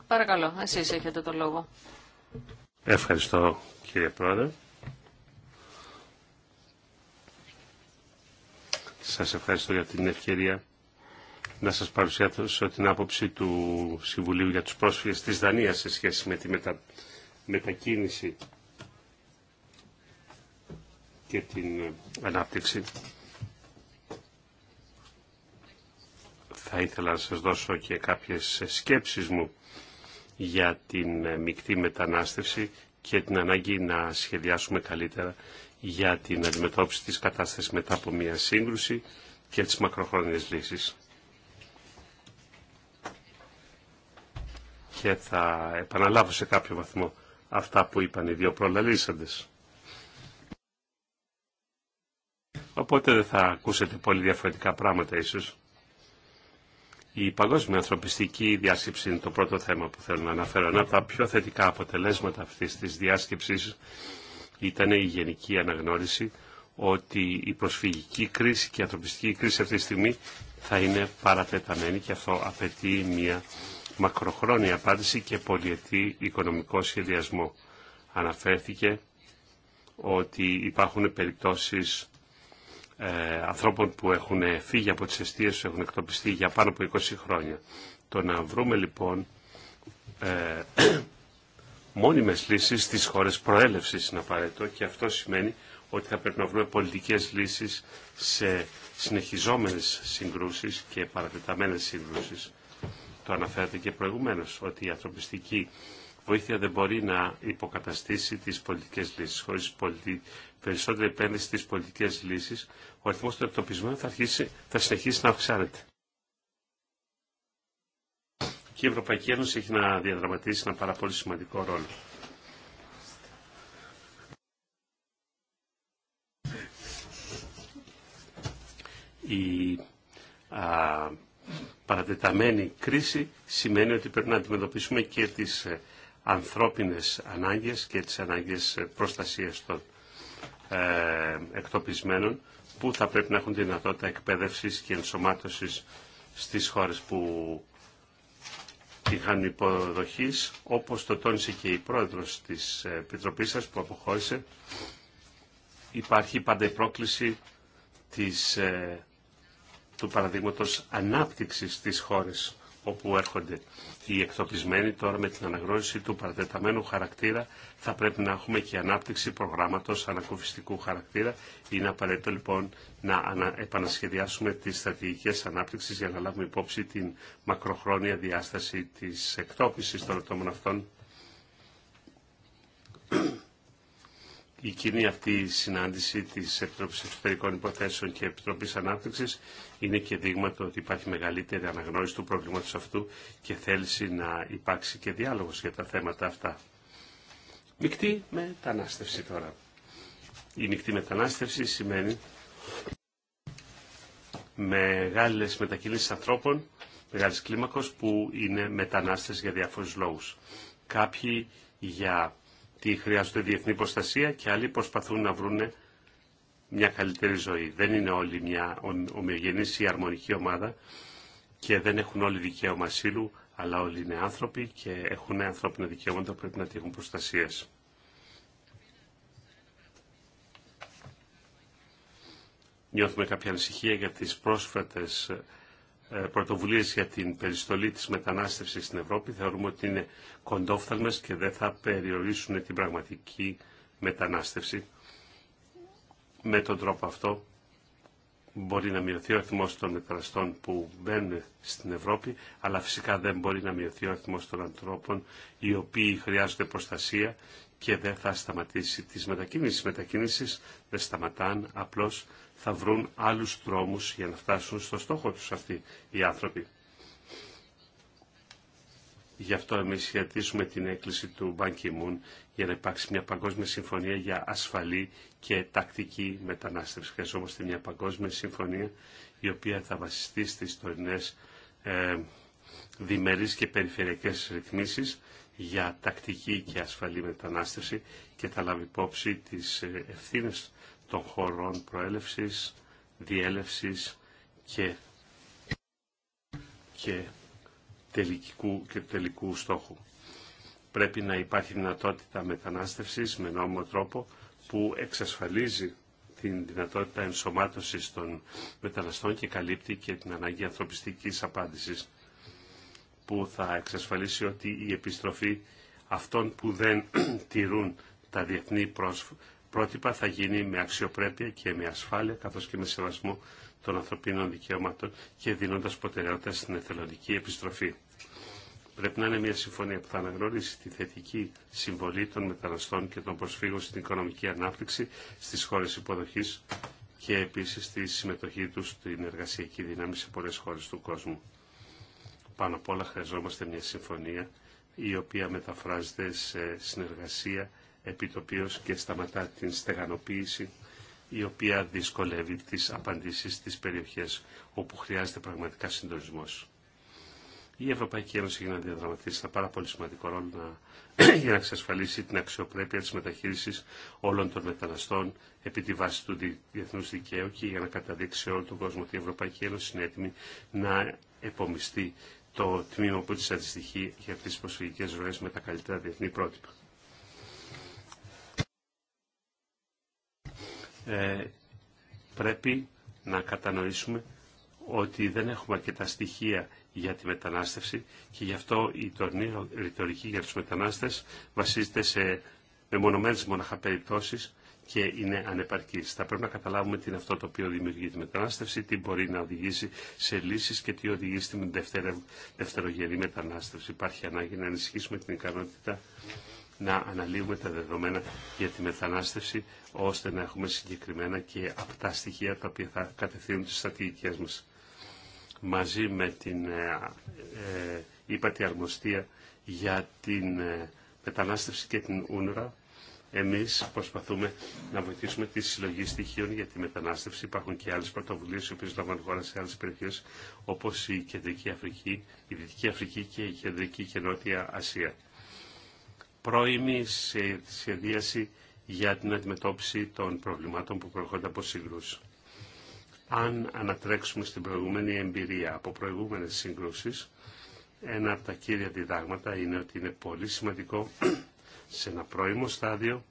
Παρακαλώ, εσείς έχετε το λόγο. Ευχαριστώ κύριε Πρόεδρε. Σας ευχαριστώ για την ευκαιρία να σας παρουσιάσω την άποψη του Συμβουλίου για τους πρόσφυγες της Δανίας σε σχέση με τη μετα... μετακίνηση και την ανάπτυξη θα ήθελα να σας δώσω και κάποιες σκέψεις μου για την μεικτή μετανάστευση και την ανάγκη να σχεδιάσουμε καλύτερα για την αντιμετώπιση της κατάστασης μετά από μια σύγκρουση και τις μακροχρόνιες λύσεις. Και θα επαναλάβω σε κάποιο βαθμό αυτά που είπαν οι δύο προλαλήσαντες. Οπότε δεν θα ακούσετε πολύ διαφορετικά πράγματα ίσως. Η παγκόσμια ανθρωπιστική διάσκεψη είναι το πρώτο θέμα που θέλω να αναφέρω. Ένα από τα πιο θετικά αποτελέσματα αυτής της διάσκεψης ήταν η γενική αναγνώριση ότι η προσφυγική κρίση και η ανθρωπιστική κρίση αυτή τη στιγμή θα είναι παρατεταμένη και αυτό απαιτεί μια μακροχρόνια απάντηση και πολιετή οικονομικό σχεδιασμό. Αναφέρθηκε ότι υπάρχουν περιπτώσεις ε, ανθρώπων που έχουν φύγει από τις αιστείες έχουν εκτοπιστεί για πάνω από 20 χρόνια. Το να βρούμε λοιπόν ε, μόνιμες λύσεις στις χώρες προέλευσης είναι απαραίτητο και αυτό σημαίνει ότι θα πρέπει να βρούμε πολιτικές λύσεις σε συνεχιζόμενες συγκρούσεις και παρατεταμένες συγκρούσεις. Το αναφέρατε και προηγουμένως ότι η ανθρωπιστική βοήθεια δεν μπορεί να υποκαταστήσει τις πολιτικές λύσεις. Χωρίς πολιτι περισσότερη επένδυση στις πολιτικές λύσεις, ο αριθμός των εκτοπισμένων θα, συνεχίσει να αυξάνεται. Και η Ευρωπαϊκή Ένωση έχει να διαδραματίσει ένα πάρα πολύ σημαντικό ρόλο. Η α, παρατεταμένη κρίση σημαίνει ότι πρέπει να αντιμετωπίσουμε και τις ε, ανθρώπινες ανάγκες και τις ανάγκες ε, προστασίας των ε, εκτοπισμένων που θα πρέπει να έχουν τη δυνατότητα εκπαίδευσης και ενσωμάτωσης στις χώρες που είχαν υποδοχή, υποδοχής, όπως το τόνισε και η πρόεδρος της Επιτροπής σας που αποχώρησε, υπάρχει πάντα η πρόκληση της, ε, του παραδείγματος ανάπτυξης της χώρες όπου έρχονται οι εκτοπισμένοι. Τώρα με την αναγνώριση του παρατεταμένου χαρακτήρα θα πρέπει να έχουμε και ανάπτυξη προγράμματος ανακουφιστικού χαρακτήρα. Είναι απαραίτητο λοιπόν να επανασχεδιάσουμε τις στρατηγικές ανάπτυξης για να λάβουμε υπόψη την μακροχρόνια διάσταση της εκτόπισης των ατόμων αυτών η κοινή αυτή συνάντηση της Επιτροπής Εξωτερικών Υποθέσεων και Επιτροπής Ανάπτυξης είναι και δείγμα το ότι υπάρχει μεγαλύτερη αναγνώριση του προβλήματος αυτού και θέληση να υπάρξει και διάλογος για τα θέματα αυτά. Μικτή μετανάστευση τώρα. Η μικτή μετανάστευση σημαίνει μεγάλες μετακινήσεις ανθρώπων, μεγάλη κλίμακος που είναι μετανάστες για διάφορους λόγους. Κάποιοι για τι χρειάζονται διεθνή προστασία και άλλοι προσπαθούν να βρουν μια καλύτερη ζωή. Δεν είναι όλοι μια ομοιογενής ή αρμονική ομάδα και δεν έχουν όλοι δικαίωμα ασύλου, αλλά όλοι είναι άνθρωποι και έχουν ανθρώπινα δικαιώματα που πρέπει να τύχουν προστασίες. Νιώθουμε κάποια ανησυχία για τις πρόσφατες ε, Πρωτοβουλίε για την περιστολή τη μετανάστευσης στην Ευρώπη θεωρούμε ότι είναι κοντόφθαλμες και δεν θα περιορίσουν την πραγματική μετανάστευση. Με τον τρόπο αυτό μπορεί να μειωθεί ο αριθμό των μεταναστών που μπαίνουν στην Ευρώπη, αλλά φυσικά δεν μπορεί να μειωθεί ο αριθμό των ανθρώπων οι οποίοι χρειάζονται προστασία και δεν θα σταματήσει τις μετακινήσεις. Οι μετακινήσεις δεν σταματάν, απλώς θα βρουν άλλους δρόμους για να φτάσουν στο στόχο τους αυτοί οι άνθρωποι. Γι' αυτό εμείς χαιρετίζουμε την έκκληση του Ban για να υπάρξει μια παγκόσμια συμφωνία για ασφαλή και τακτική μετανάστευση. Χρειαζόμαστε μια παγκόσμια συμφωνία η οποία θα βασιστεί στις τωρινές ε, διμερείς και περιφερειακές ρυθμίσεις για τακτική και ασφαλή μετανάστευση και θα λάβει υπόψη τις ε, ευθύνες των χωρών προέλευσης, διέλευσης και, και, τελικού, και τελικού στόχου. Πρέπει να υπάρχει δυνατότητα μετανάστευσης με νόμιμο τρόπο που εξασφαλίζει την δυνατότητα ενσωμάτωσης των μεταναστών και καλύπτει και την ανάγκη ανθρωπιστικής απάντησης που θα εξασφαλίσει ότι η επιστροφή αυτών που δεν τηρούν τα διεθνή πρότυπα θα γίνει με αξιοπρέπεια και με ασφάλεια καθώς και με σεβασμό των ανθρωπίνων δικαιωμάτων και δίνοντας προτεραιότητα στην εθελοντική επιστροφή. Πρέπει να είναι μια συμφωνία που θα αναγνωρίσει τη θετική συμβολή των μεταναστών και των προσφύγων στην οικονομική ανάπτυξη στις χώρες υποδοχής και επίσης τη συμμετοχή τους στην εργασιακή δύναμη σε πολλές χώρες του κόσμου. Πάνω απ' όλα χρειαζόμαστε μια συμφωνία η οποία μεταφράζεται σε συνεργασία επιτοπίως και σταματά την στεγανοποίηση η οποία δυσκολεύει τις απαντήσεις στις περιοχές όπου χρειάζεται πραγματικά συντονισμός. Η Ευρωπαϊκή Ένωση για να διαδραματίσει ένα πάρα πολύ σημαντικό ρόλο να, για να εξασφαλίσει την αξιοπρέπεια της μεταχείρισης όλων των μεταναστών επί τη βάση του διεθνούς δικαίου και για να καταδείξει σε όλο τον κόσμο ότι η Ευρωπαϊκή Ένωση είναι έτοιμη να επομιστεί το τμήμα που της αντιστοιχεί για τις προσφυγικές ροές με τα καλύτερα διεθνή πρότυπα. ε, πρέπει να κατανοήσουμε ότι δεν έχουμε αρκετά στοιχεία για τη μετανάστευση και γι' αυτό η τωρινή ρητορική για τους μετανάστες βασίζεται σε μεμονωμένες μοναχα και είναι ανεπαρκής. Θα πρέπει να καταλάβουμε τι είναι αυτό το οποίο δημιουργεί τη μετανάστευση, τι μπορεί να οδηγήσει σε λύσεις και τι οδηγεί στην δευτερογενή μετανάστευση. Υπάρχει ανάγκη να ενισχύσουμε την ικανότητα να αναλύουμε τα δεδομένα για τη μετανάστευση, ώστε να έχουμε συγκεκριμένα και αυτά στοιχεία τα οποία θα κατευθύνουν τις στρατηγικές μας. Μαζί με την ε, ύπατη ε, αρμοστία για την ε, μετανάστευση και την ούνρα, εμείς προσπαθούμε να βοηθήσουμε τη συλλογή στοιχείων για τη μετανάστευση. Υπάρχουν και άλλες πρωτοβουλίες οι οποίες λαμβάνουν χώρα σε άλλες περιοχές όπως η Κεντρική Αφρική, η Δυτική Αφρική και η Κεντρική και Νότια Ασία πρώιμη σχεδίαση για την αντιμετώπιση των προβλημάτων που προέρχονται από συγκρούσει. Αν ανατρέξουμε στην προηγούμενη εμπειρία από προηγούμενες σύγκρουσεις, ένα από τα κύρια διδάγματα είναι ότι είναι πολύ σημαντικό σε ένα πρώιμο στάδιο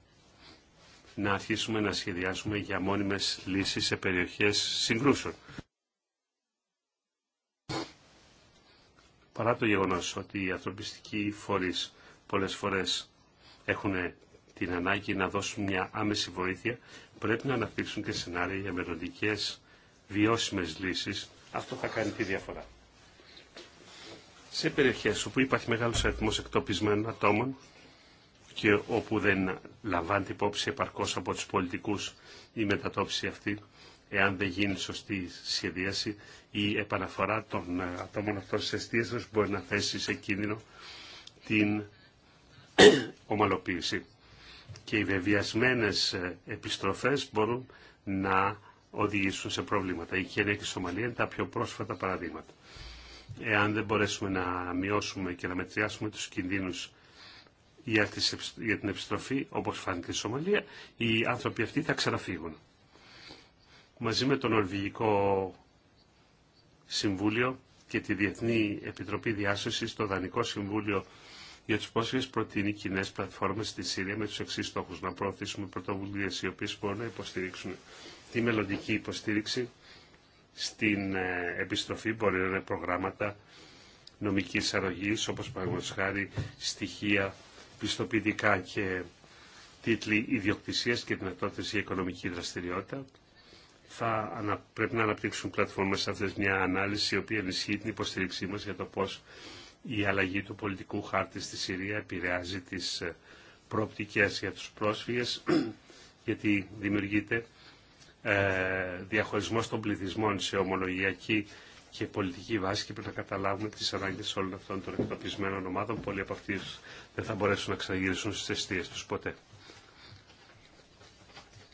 να αρχίσουμε να σχεδιάσουμε για μόνιμες λύσεις σε περιοχές συγκρούσεων. Παρά το γεγονός ότι οι ανθρωπιστικοί φορείς πολλές φορές έχουν την ανάγκη να δώσουν μια άμεση βοήθεια, πρέπει να αναπτύξουν και σενάρια για μελλοντικέ βιώσιμες λύσεις. Αυτό θα κάνει τη διαφορά. Σε περιοχές όπου υπάρχει μεγάλος αριθμός εκτοπισμένων ατόμων και όπου δεν λαμβάνεται υπόψη επαρκώς από τους πολιτικούς η μετατόπιση αυτή, εάν δεν γίνει σωστή σχεδίαση, η επαναφορά των ατόμων αυτών στις αιστείες μπορεί να θέσει σε κίνδυνο την ομαλοποίηση. Και οι βεβιασμένες ε, επιστροφές μπορούν να οδηγήσουν σε προβλήματα. Η Κένια και Σομαλία είναι τα πιο πρόσφατα παραδείγματα. Εάν δεν μπορέσουμε να μειώσουμε και να μετριάσουμε τους κινδύνους για την επιστροφή, όπως φάνηκε η Σομαλία, οι άνθρωποι αυτοί θα ξαναφύγουν. Μαζί με το Νορβηγικό Συμβούλιο και τη Διεθνή Επιτροπή Διάσωσης, το Δανικό Συμβούλιο για του πρόσφυγε προτείνει κοινέ πλατφόρμες στη Συρία με του εξή στόχου Να προωθήσουμε πρωτοβουλίε, οι οποίε μπορούν να υποστηρίξουν τη μελλοντική υποστήριξη στην ε, επιστροφή. Μπορεί να είναι προγράμματα νομική αρρωγή, όπω παραδείγματο χάρη στοιχεία πιστοποιητικά και τίτλοι ιδιοκτησία και δυνατότητε για οικονομική δραστηριότητα. Θα πρέπει να αναπτύξουν πλατφόρμες αυτές μια ανάλυση η οποία ενισχύει την υποστήριξή μας για το πώ η αλλαγή του πολιτικού χάρτη στη Συρία επηρεάζει τις ε, προοπτικές για τους πρόσφυγες, γιατί δημιουργείται ε, διαχωρισμός των πληθυσμών σε ομολογιακή και πολιτική βάση και πρέπει να καταλάβουμε τις ανάγκες όλων αυτών των εκτοπισμένων ομάδων. Πολλοί από αυτοί δεν θα μπορέσουν να ξαναγυρίσουν στις αιστείες τους ποτέ.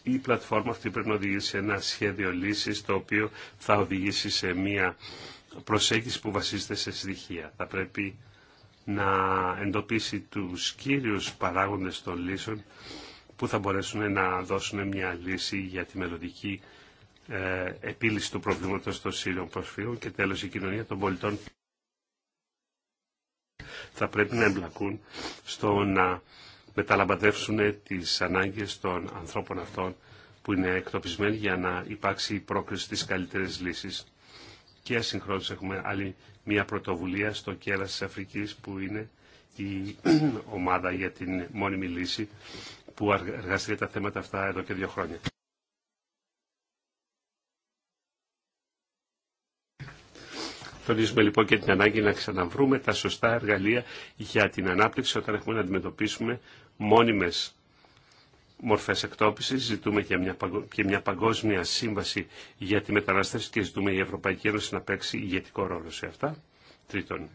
Η πλατφόρμα αυτή πρέπει να οδηγήσει σε ένα σχέδιο λύσης το οποίο θα οδηγήσει σε μια προσέγγιση που βασίζεται σε στοιχεία. Θα πρέπει να εντοπίσει τους κύριους παράγοντες των λύσεων που θα μπορέσουν να δώσουν μια λύση για τη μελλοντική ε, επίλυση του προβλήματος των Σύριων προσφύγων και τέλος η κοινωνία των πολιτών θα πρέπει να εμπλακούν στο να μεταλαμπαδεύσουν τις ανάγκες των ανθρώπων αυτών που είναι εκτοπισμένοι για να υπάρξει η πρόκληση της καλύτερης λύσης και ασυγχρόνως έχουμε άλλη μια πρωτοβουλία στο κέρας της Αφρικής που είναι η ομάδα για την μόνιμη λύση που εργαστεί τα θέματα αυτά εδώ και δύο χρόνια. Τονίζουμε λοιπόν και την ανάγκη να ξαναβρούμε τα σωστά εργαλεία για την ανάπτυξη όταν έχουμε να αντιμετωπίσουμε μόνιμες μορφές εκτόπισης, ζητούμε και μια, και μια παγκόσμια σύμβαση για τη μετανάστευση και ζητούμε η Ευρωπαϊκή Ένωση να παίξει ηγετικό ρόλο σε αυτά. Τρίτον,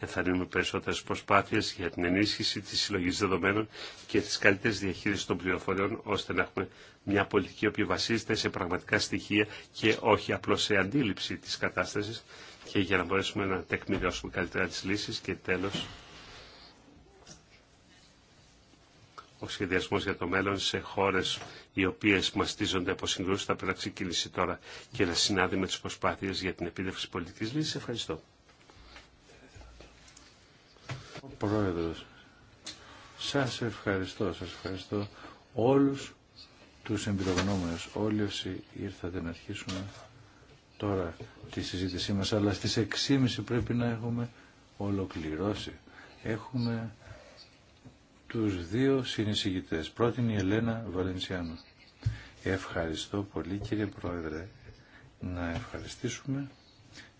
ενθαρρύνουμε περισσότερες προσπάθειες για την ενίσχυση της συλλογής δεδομένων και της καλύτερης διαχείρισης των πληροφοριών, ώστε να έχουμε μια πολιτική που βασίζεται σε πραγματικά στοιχεία και όχι απλώς σε αντίληψη της κατάστασης και για να μπορέσουμε να τεκμηριώσουμε καλύτερα τι λύσει και τέλος ο σχεδιασμό για το μέλλον σε χώρε οι οποίες μαστίζονται από συγκρούσεις θα πρέπει να ξεκινήσει τώρα και να συνάδει με τι προσπάθειε για την επίδευση πολιτικής λύση. Ευχαριστώ. Ο Πρόεδρος, σας ευχαριστώ, σας ευχαριστώ όλους τους εμπειρογνώμενους. Όλοι όσοι ήρθατε να αρχίσουμε τώρα τη συζήτησή μας, αλλά στις 6.30 πρέπει να έχουμε ολοκληρώσει. Έχουμε τους δύο συνεισηγητές. Πρώτη είναι η Ελένα Βαλενσιάνο. Ευχαριστώ πολύ κύριε Πρόεδρε. Να ευχαριστήσουμε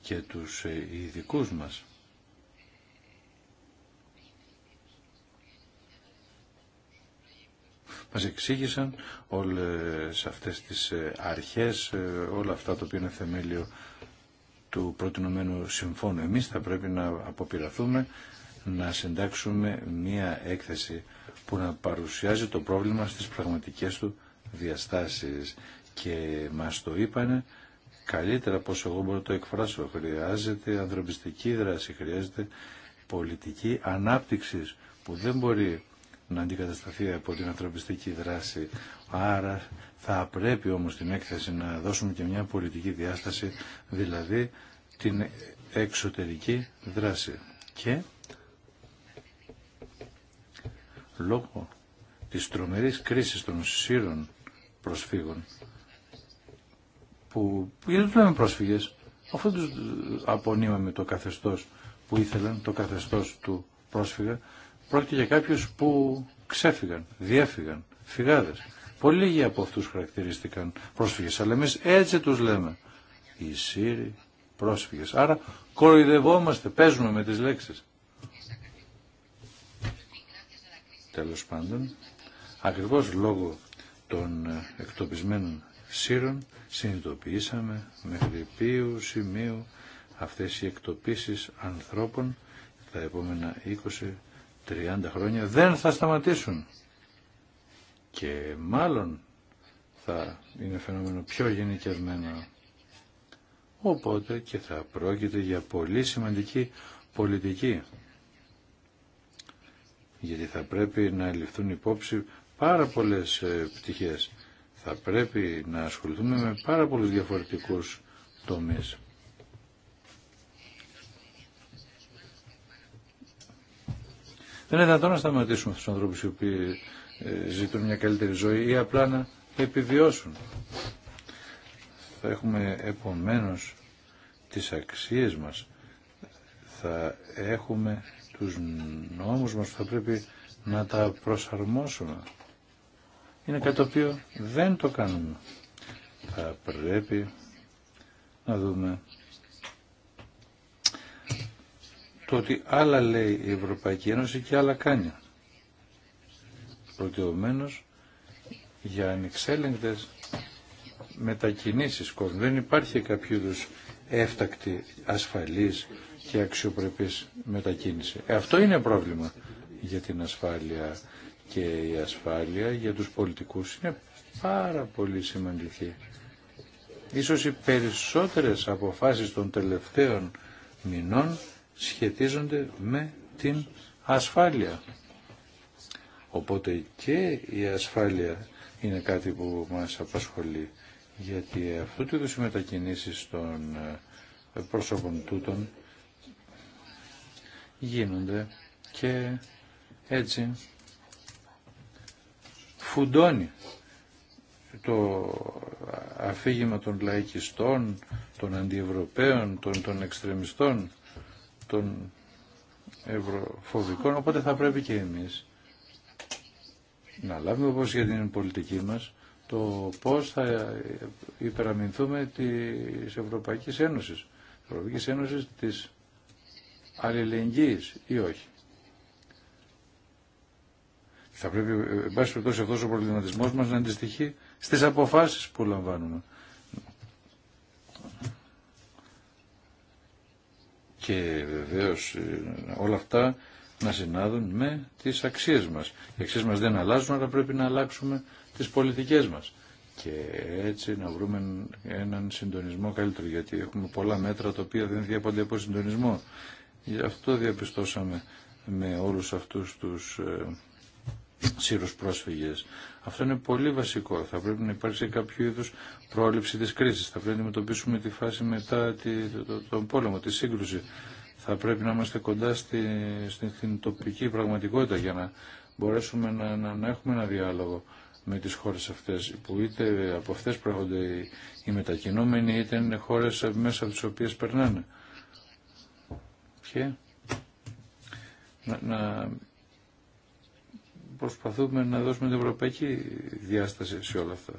και τους ε, ειδικού μας. Μας εξήγησαν όλες αυτές τις ε, αρχές, ε, όλα αυτά τα οποία είναι θεμέλιο του προτινομένου συμφώνου. Εμείς θα πρέπει να αποπειραθούμε να συντάξουμε μία έκθεση που να παρουσιάζει το πρόβλημα στις πραγματικές του διαστάσεις και μας το είπανε καλύτερα πως εγώ μπορώ να το εκφράσω. Χρειάζεται ανθρωπιστική δράση, χρειάζεται πολιτική ανάπτυξη που δεν μπορεί να αντικατασταθεί από την ανθρωπιστική δράση. Άρα θα πρέπει όμως την έκθεση να δώσουμε και μια πολιτική διάσταση, δηλαδή την εξωτερική δράση. Και λόγω της τρομερής κρίσης των σύρων προσφύγων που, γιατί λέμε πρόσφυγες αφού τους απονείμαμε το καθεστώς που ήθελαν το καθεστώς του πρόσφυγα πρόκειται για κάποιους που ξέφυγαν, διέφυγαν, φυγάδες πολύ λίγοι από αυτούς χαρακτηρίστηκαν πρόσφυγες αλλά εμείς έτσι τους λέμε οι Σύροι πρόσφυγες άρα κοροϊδευόμαστε, παίζουμε με τις λέξεις τέλος πάντων, ακριβώς λόγω των ε, εκτοπισμένων σύρων συνειδητοποιήσαμε μέχρι ποιου σημείου αυτές οι εκτοπίσεις ανθρώπων τα επόμενα 20-30 χρόνια δεν θα σταματήσουν και μάλλον θα είναι φαινόμενο πιο γενικευμένο. Οπότε και θα πρόκειται για πολύ σημαντική πολιτική γιατί θα πρέπει να ληφθούν υπόψη πάρα πολλές ε, πτυχές. Θα πρέπει να ασχοληθούμε με πάρα πολλούς διαφορετικούς τομείς. Δεν είναι δυνατόν να σταματήσουμε τους ανθρώπους οι οποίοι ε, ζητούν μια καλύτερη ζωή ή απλά να επιβιώσουν. Θα έχουμε επομένως τις αξίες μας. Θα έχουμε τους νόμους μας θα πρέπει να τα προσαρμόσουμε. Είναι κάτι το οποίο δεν το κάνουμε. Θα πρέπει να δούμε το ότι άλλα λέει η Ευρωπαϊκή Ένωση και άλλα κάνει. Προτιωμένως για ανεξέλεγκτες μετακινήσεις κόσμου. Δεν υπάρχει κάποιο έφτακτη ασφαλής και αξιοπρεπής μετακίνηση. Ε, αυτό είναι πρόβλημα για την ασφάλεια και η ασφάλεια για τους πολιτικούς είναι πάρα πολύ σημαντική. Ίσως οι περισσότερες αποφάσεις των τελευταίων μηνών σχετίζονται με την ασφάλεια. Οπότε και η ασφάλεια είναι κάτι που μας απασχολεί, γιατί αυτού του είδους μετακινήσεις των ε, πρόσωπων τούτων γίνονται και έτσι φουντώνει το αφήγημα των λαϊκιστών, των αντιευρωπαίων, των, των εξτρεμιστών, των ευρωφοβικών, οπότε θα πρέπει και εμείς να λάβουμε όπως για την πολιτική μας το πώς θα υπεραμεινθούμε της Ευρωπαϊκής Ένωσης, Ευρωπαϊκής Ένωσης της αλληλεγγύης ή όχι. Θα πρέπει, εν πάση αυτός ο προβληματισμός μας να αντιστοιχεί στις αποφάσεις που λαμβάνουμε. Και βεβαίως ε, όλα αυτά να συνάδουν με τις αξίες μας. Οι αξίες μας δεν αλλάζουν, αλλά πρέπει να αλλάξουμε τις πολιτικές μας. Και έτσι να βρούμε έναν συντονισμό καλύτερο, γιατί έχουμε πολλά μέτρα τα οποία δεν διέπονται από συντονισμό. Αυτό διαπιστώσαμε με όλους αυτούς τους ε, σύρους πρόσφυγες. Αυτό είναι πολύ βασικό. Θα πρέπει να υπάρξει κάποιο είδους πρόληψη της κρίσης. Θα πρέπει να αντιμετωπίσουμε τη φάση μετά τον πόλεμο, τη σύγκρουση. Θα πρέπει να είμαστε κοντά στη, στην, τοπική πραγματικότητα για να μπορέσουμε να, να, να έχουμε ένα διάλογο με τις χώρες αυτές, που είτε από αυτές προέρχονται οι μετακινούμενοι, είτε είναι χώρες μέσα από τις οποίες περνάνε και να, προσπαθούμε να δώσουμε την ευρωπαϊκή διάσταση σε όλα αυτά.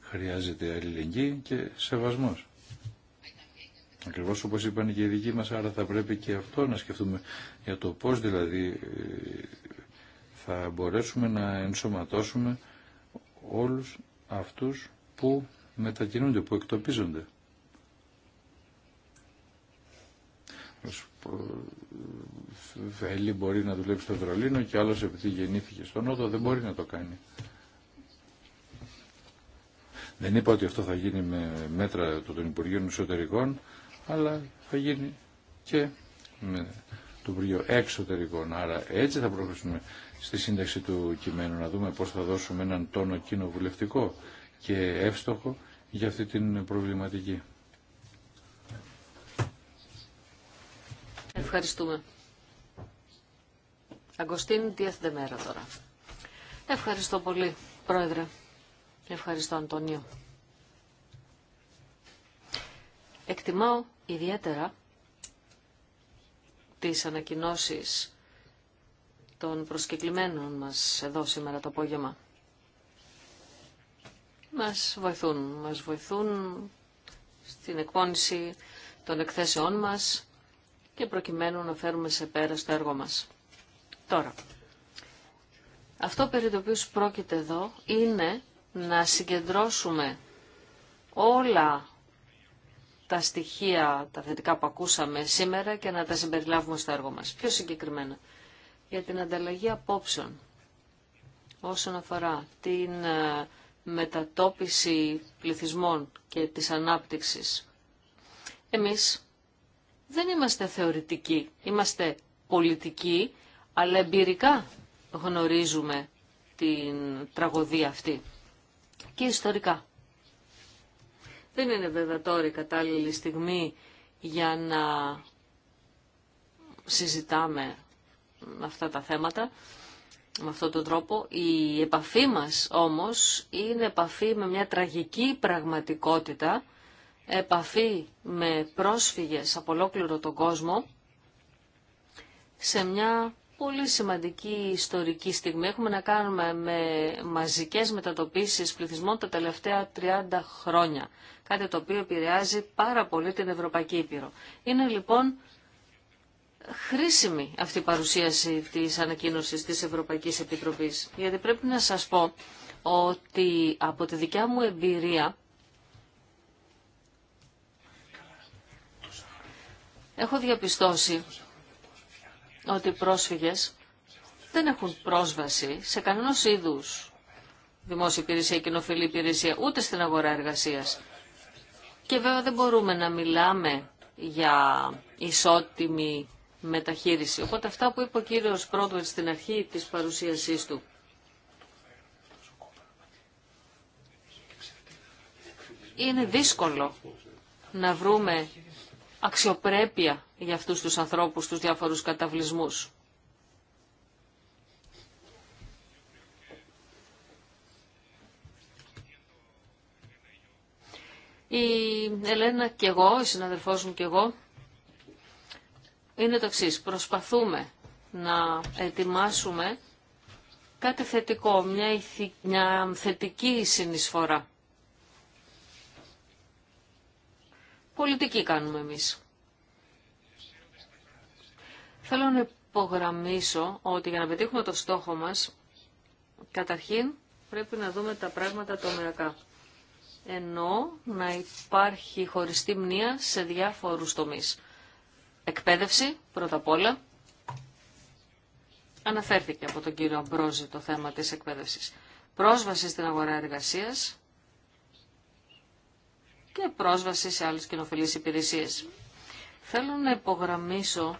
Χρειάζεται αλληλεγγύη και σεβασμός. Ακριβώς όπως είπαν και οι δικοί μας, άρα θα πρέπει και αυτό να σκεφτούμε για το πώς δηλαδή ε, θα μπορέσουμε να ενσωματώσουμε όλους αυτούς που μετακινούνται, που εκτοπίζονται. Φελή μπορεί να δουλέψει στο Βερολίνο και άλλος επειδή γεννήθηκε στον Νότο δεν μπορεί να το κάνει. Δεν είπα ότι αυτό θα γίνει με μέτρα των Υπουργείων Εσωτερικών, αλλά θα γίνει και με το Υπουργείο Εξωτερικών. Άρα έτσι θα προχωρήσουμε στη σύνταξη του κειμένου, να δούμε πώς θα δώσουμε έναν τόνο κοινοβουλευτικό και εύστοχο για αυτή την προβληματική. Ευχαριστούμε. Αγκοστίν Διέθντε Μέρα τώρα. Ευχαριστώ πολύ, Πρόεδρε. Ευχαριστώ, Αντωνίου. Εκτιμάω ιδιαίτερα τις ανακοινώσεις των προσκεκλημένων μας εδώ σήμερα το απόγευμα. Μας βοηθούν, μας βοηθούν στην εκπόνηση των εκθέσεών μας, και προκειμένου να φέρουμε σε πέρα στο έργο μας. Τώρα, αυτό περί το οποίο πρόκειται εδώ είναι να συγκεντρώσουμε όλα τα στοιχεία, τα θετικά που ακούσαμε σήμερα και να τα συμπεριλάβουμε στο έργο μας. Πιο συγκεκριμένα, για την ανταλλαγή απόψεων όσον αφορά την ε, μετατόπιση πληθυσμών και της ανάπτυξης. Εμείς δεν είμαστε θεωρητικοί, είμαστε πολιτικοί, αλλά εμπειρικά γνωρίζουμε την τραγωδία αυτή και ιστορικά. Δεν είναι βέβαια τώρα η κατάλληλη στιγμή για να συζητάμε αυτά τα θέματα με αυτόν τον τρόπο. Η επαφή μας όμως είναι επαφή με μια τραγική πραγματικότητα επαφή με πρόσφυγες από ολόκληρο τον κόσμο σε μια πολύ σημαντική ιστορική στιγμή. Έχουμε να κάνουμε με μαζικές μετατοπίσεις πληθυσμών τα τελευταία 30 χρόνια, κάτι το οποίο επηρεάζει πάρα πολύ την Ευρωπαϊκή Ήπειρο. Είναι λοιπόν χρήσιμη αυτή η παρουσίαση της ανακοίνωσης της Ευρωπαϊκής Επιτροπής, γιατί πρέπει να σας πω ότι από τη δικιά μου εμπειρία έχω διαπιστώσει ότι οι πρόσφυγες δεν έχουν πρόσβαση σε κανένα είδους δημόσια υπηρεσία, κοινοφιλή υπηρεσία, ούτε στην αγορά εργασίας. Και βέβαια δεν μπορούμε να μιλάμε για ισότιμη μεταχείριση. Οπότε αυτά που είπε ο κύριος Πρόδουερ στην αρχή της παρουσίασής του. Είναι δύσκολο να βρούμε αξιοπρέπεια για αυτούς τους ανθρώπους, τους διάφορους καταβλισμούς. Η Ελένα και εγώ, η συναδελφός μου και εγώ, είναι το εξή. Προσπαθούμε να ετοιμάσουμε κάτι θετικό, μια, μια θετική συνεισφορά. Πολιτική κάνουμε εμείς. Θέλω να υπογραμμίσω ότι για να πετύχουμε το στόχο μας, καταρχήν πρέπει να δούμε τα πράγματα τομεακά. Ενώ να υπάρχει χωριστή μνήα σε διάφορους τομείς. Εκπαίδευση, πρώτα απ' όλα. Αναφέρθηκε από τον κύριο Αμπρόζη το θέμα της εκπαίδευσης. Πρόσβαση στην αγορά εργασίας, και πρόσβαση σε άλλες κοινοφιλείς υπηρεσίες. Θέλω να υπογραμμίσω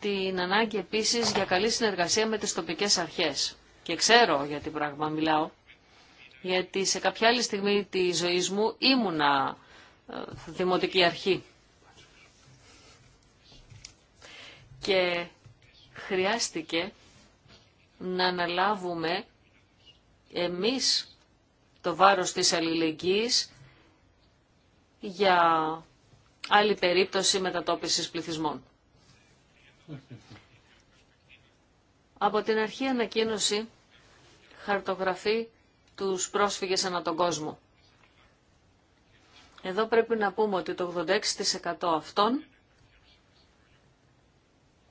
την ανάγκη επίσης για καλή συνεργασία με τις τοπικές αρχές. Και ξέρω για τι πράγμα μιλάω, γιατί σε κάποια άλλη στιγμή τη ζωή μου ήμουνα ε, δημοτική αρχή. Και χρειάστηκε να αναλάβουμε εμείς το βάρος της αλληλεγγύης για άλλη περίπτωση μετατόπισης πληθυσμών. Από την αρχή ανακοίνωση χαρτογραφεί τους πρόσφυγες ανά τον κόσμο. Εδώ πρέπει να πούμε ότι το 86% αυτών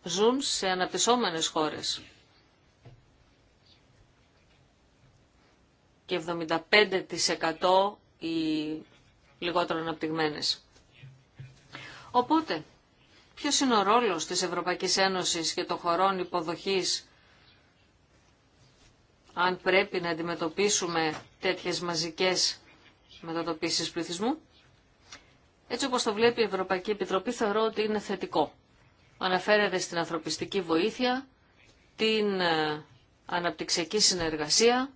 ζουν σε αναπτυσσόμενες χώρες. Και 75% οι λιγότερο αναπτυγμένες. Οπότε, ποιο είναι ο ρόλος της Ευρωπαϊκή Ένωσης και των χωρών υποδοχή, αν πρέπει να αντιμετωπίσουμε τέτοιες μαζικές μετατοπίσεις πληθυσμού. Έτσι όπως το βλέπει η Ευρωπαϊκή Επιτροπή θεωρώ ότι είναι θετικό. Αναφέρεται στην ανθρωπιστική βοήθεια, την ε, αναπτυξιακή συνεργασία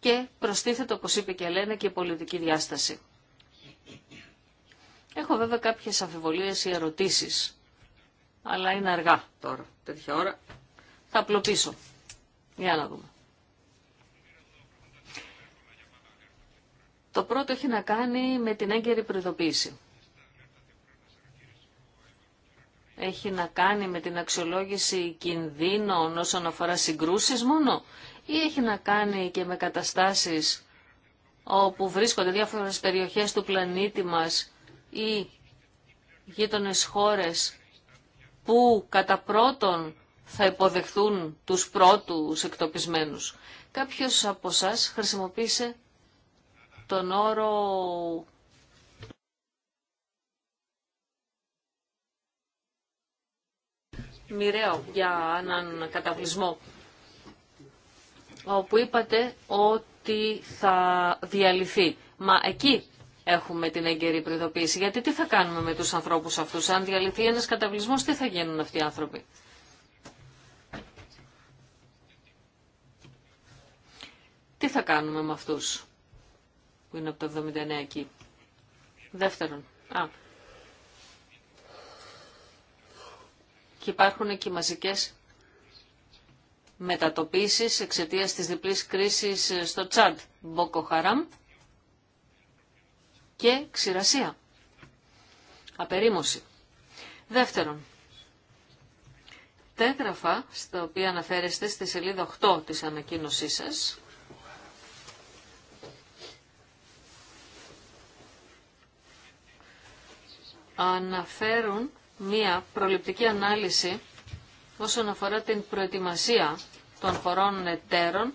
και προστίθεται, όπως είπε και Ελένα, και η πολιτική διάσταση. Έχω βέβαια κάποιες αφιβολίες ή ερωτήσεις, αλλά είναι αργά τώρα, τέτοια ώρα. Θα απλοποιήσω. Για να δούμε. Το πρώτο έχει να κάνει με την έγκαιρη προειδοποίηση. Έχει να κάνει με την αξιολόγηση κινδύνων όσον αφορά συγκρούσεις μόνο ή έχει να κάνει και με καταστάσεις όπου βρίσκονται διάφορες περιοχές του πλανήτη μας οι γείτονες χώρες που κατά πρώτον θα υποδεχθούν τους πρώτους εκτοπισμένους. Κάποιος από σας χρησιμοποίησε τον όρο μοιραίο για έναν καταβλισμό όπου είπατε ότι θα διαλυθεί. Μα εκεί έχουμε την έγκαιρη προειδοποίηση. Γιατί τι θα κάνουμε με τους ανθρώπους αυτούς, αν διαλυθεί ένας καταβλισμός, τι θα γίνουν αυτοί οι άνθρωποι. Τι θα κάνουμε με αυτούς που είναι από το 79 εκεί. Δεύτερον, α, και υπάρχουν εκεί μαζικές μετατοπίσεις εξαιτίας της διπλής κρίσης στο Τσάντ, Μποκοχαραμ και ξηρασία. Απερίμωση. Δεύτερον, τα έγγραφα στα οποία αναφέρεστε στη σελίδα 8 της ανακοίνωσής σας, αναφέρουν μία προληπτική ανάλυση όσον αφορά την προετοιμασία των χωρών εταίρων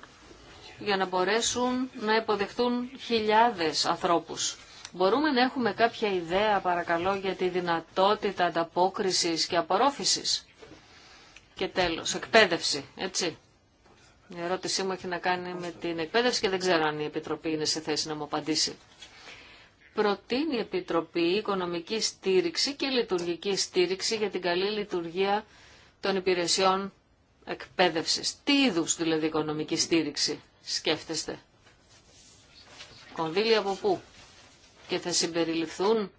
για να μπορέσουν να υποδεχτούν χιλιάδες ανθρώπους. Μπορούμε να έχουμε κάποια ιδέα, παρακαλώ, για τη δυνατότητα ανταπόκρισης και απορρόφησης. Και τέλος, εκπαίδευση, έτσι. Η ερώτησή μου έχει να κάνει με την εκπαίδευση και δεν ξέρω αν η Επιτροπή είναι σε θέση να μου απαντήσει. Προτείνει η Επιτροπή οικονομική στήριξη και λειτουργική στήριξη για την καλή λειτουργία των υπηρεσιών εκπαίδευσης. Τι είδους δηλαδή οικονομική στήριξη σκέφτεστε. Κονδύλια από πού και θα συμπεριληφθούν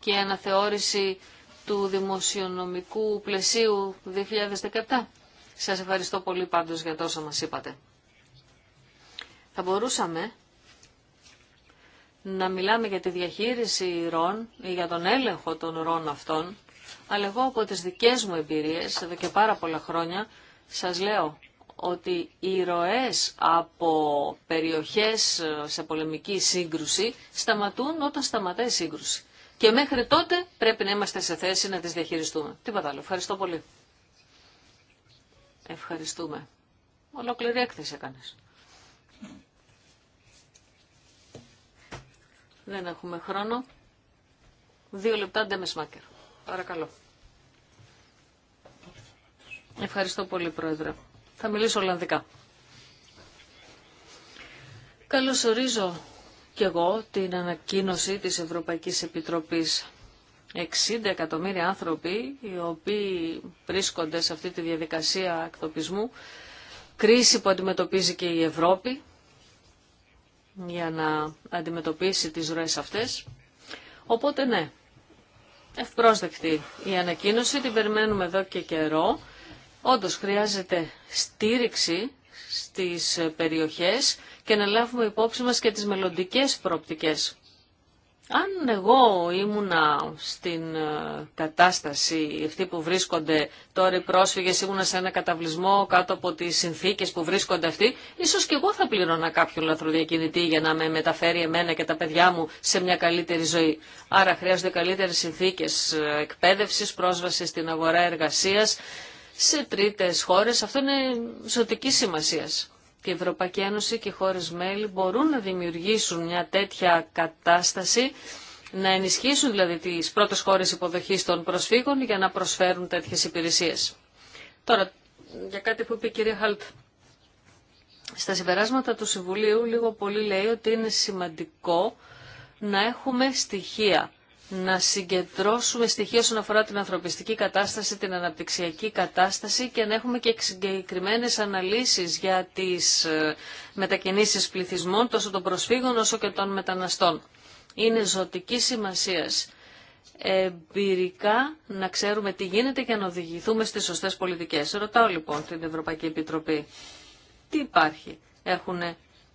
και η αναθεώρηση του δημοσιονομικού πλαισίου 2017. Σας ευχαριστώ πολύ πάντως για τόσα μας είπατε. Θα μπορούσαμε να μιλάμε για τη διαχείριση ροών ή για τον έλεγχο των ροών αυτών, αλλά εγώ από τις δικές μου εμπειρίες, εδώ και πάρα πολλά χρόνια, σας λέω ότι οι ροές από περιοχές ε, σε πολεμική σύγκρουση σταματούν όταν σταματάει η σύγκρουση. Και μέχρι τότε πρέπει να είμαστε σε θέση να τις διαχειριστούμε. Τίποτα άλλο. Ευχαριστώ πολύ. Ευχαριστούμε. Ολόκληρη έκθεση έκανες. Δεν έχουμε χρόνο. Δύο λεπτά με σμάκερ. Παρακαλώ. Ευχαριστώ πολύ, Πρόεδρε. Θα μιλήσω Ολλανδικά. Καλωσορίζω και εγώ την ανακοίνωση της Ευρωπαϊκής Επιτροπής. 60 εκατομμύρια άνθρωποι οι οποίοι βρίσκονται σε αυτή τη διαδικασία εκτοπισμού, κρίση που αντιμετωπίζει και η Ευρώπη για να αντιμετωπίσει τις ροές αυτές. Οπότε ναι, ευπρόσδεκτη η ανακοίνωση, την περιμένουμε εδώ και καιρό Όντως χρειάζεται στήριξη στις περιοχές και να λάβουμε υπόψη μας και τις μελλοντικέ προοπτικές. Αν εγώ ήμουνα στην ε, κατάσταση αυτή που βρίσκονται τώρα οι πρόσφυγες, ήμουνα σε ένα καταβλισμό κάτω από τις συνθήκες που βρίσκονται αυτοί, ίσως και εγώ θα πλήρωνα κάποιον λαθροδιακινητή για να με μεταφέρει εμένα και τα παιδιά μου σε μια καλύτερη ζωή. Άρα χρειάζονται καλύτερες συνθήκες ε, εκπαίδευσης, πρόσβαση στην αγορά εργασίας, σε τρίτες χώρες. Αυτό είναι ζωτική σημασίας. Και η Ευρωπαϊκή Ένωση και οι χώρες μέλη μπορούν να δημιουργήσουν μια τέτοια κατάσταση, να ενισχύσουν δηλαδή τις πρώτες χώρες υποδοχής των προσφύγων για να προσφέρουν τέτοιες υπηρεσίες. Τώρα, για κάτι που είπε η κυρία Χαλτ. Στα συμπεράσματα του Συμβουλίου λίγο πολύ λέει ότι είναι σημαντικό να έχουμε στοιχεία να συγκεντρώσουμε στοιχεία όσον αφορά την ανθρωπιστική κατάσταση, την αναπτυξιακή κατάσταση και να έχουμε και συγκεκριμένε αναλύσεις για τις ε, μετακινήσεις πληθυσμών, τόσο των προσφύγων όσο και των μεταναστών. Είναι ζωτική σημασία εμπειρικά να ξέρουμε τι γίνεται και να οδηγηθούμε στι σωστές πολιτικέ. Ρωτάω λοιπόν την Ευρωπαϊκή Επιτροπή, τι υπάρχει, έχουν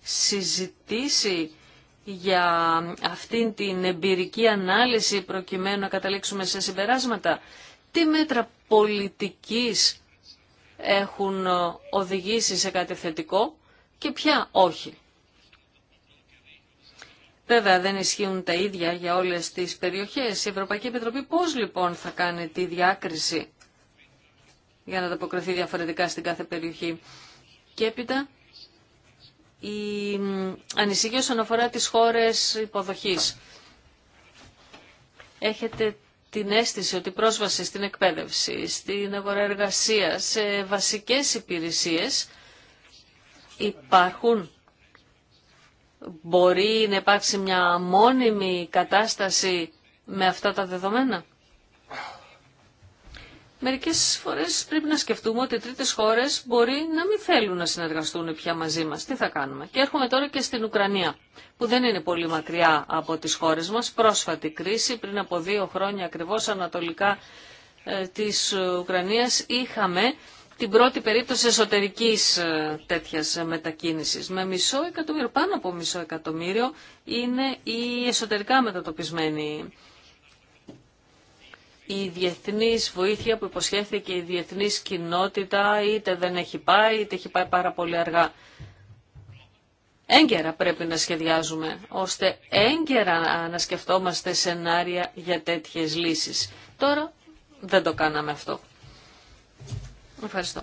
συζητήσει για αυτήν την εμπειρική ανάλυση προκειμένου να καταλήξουμε σε συμπεράσματα. Τι μέτρα πολιτικής έχουν οδηγήσει σε κάτι θετικό και ποια όχι. Βέβαια δεν ισχύουν τα ίδια για όλες τις περιοχές. Η Ευρωπαϊκή Επιτροπή πώς λοιπόν θα κάνει τη διάκριση για να ανταποκριθεί διαφορετικά στην κάθε περιοχή. Και έπειτα η ανησυχία όσον αφορά τις χώρες υποδοχής. Έχετε την αίσθηση ότι πρόσβαση στην εκπαίδευση, στην αγορά εργασία, σε βασικές υπηρεσίες υπάρχουν. Μπορεί να υπάρξει μια μόνιμη κατάσταση με αυτά τα δεδομένα. Μερικές φορές πρέπει να σκεφτούμε ότι τρίτες χώρες μπορεί να μην θέλουν να συνεργαστούν πια μαζί μας. Τι θα κάνουμε. Και έρχομαι τώρα και στην Ουκρανία, που δεν είναι πολύ μακριά από τις χώρες μας. Πρόσφατη κρίση, πριν από δύο χρόνια ακριβώς ανατολικά ε, της Ουκρανίας, είχαμε την πρώτη περίπτωση εσωτερικής ε, τέτοιας ε, μετακίνησης. Με μισό εκατομμύριο, πάνω από μισό εκατομμύριο, είναι οι εσωτερικά μετατοπισμένοι η διεθνής βοήθεια που υποσχέθηκε η διεθνής κοινότητα είτε δεν έχει πάει είτε έχει πάει πάρα πολύ αργά. Έγκαιρα πρέπει να σχεδιάζουμε, ώστε έγκαιρα να σκεφτόμαστε σενάρια για τέτοιες λύσεις. Τώρα δεν το κάναμε αυτό. Ευχαριστώ.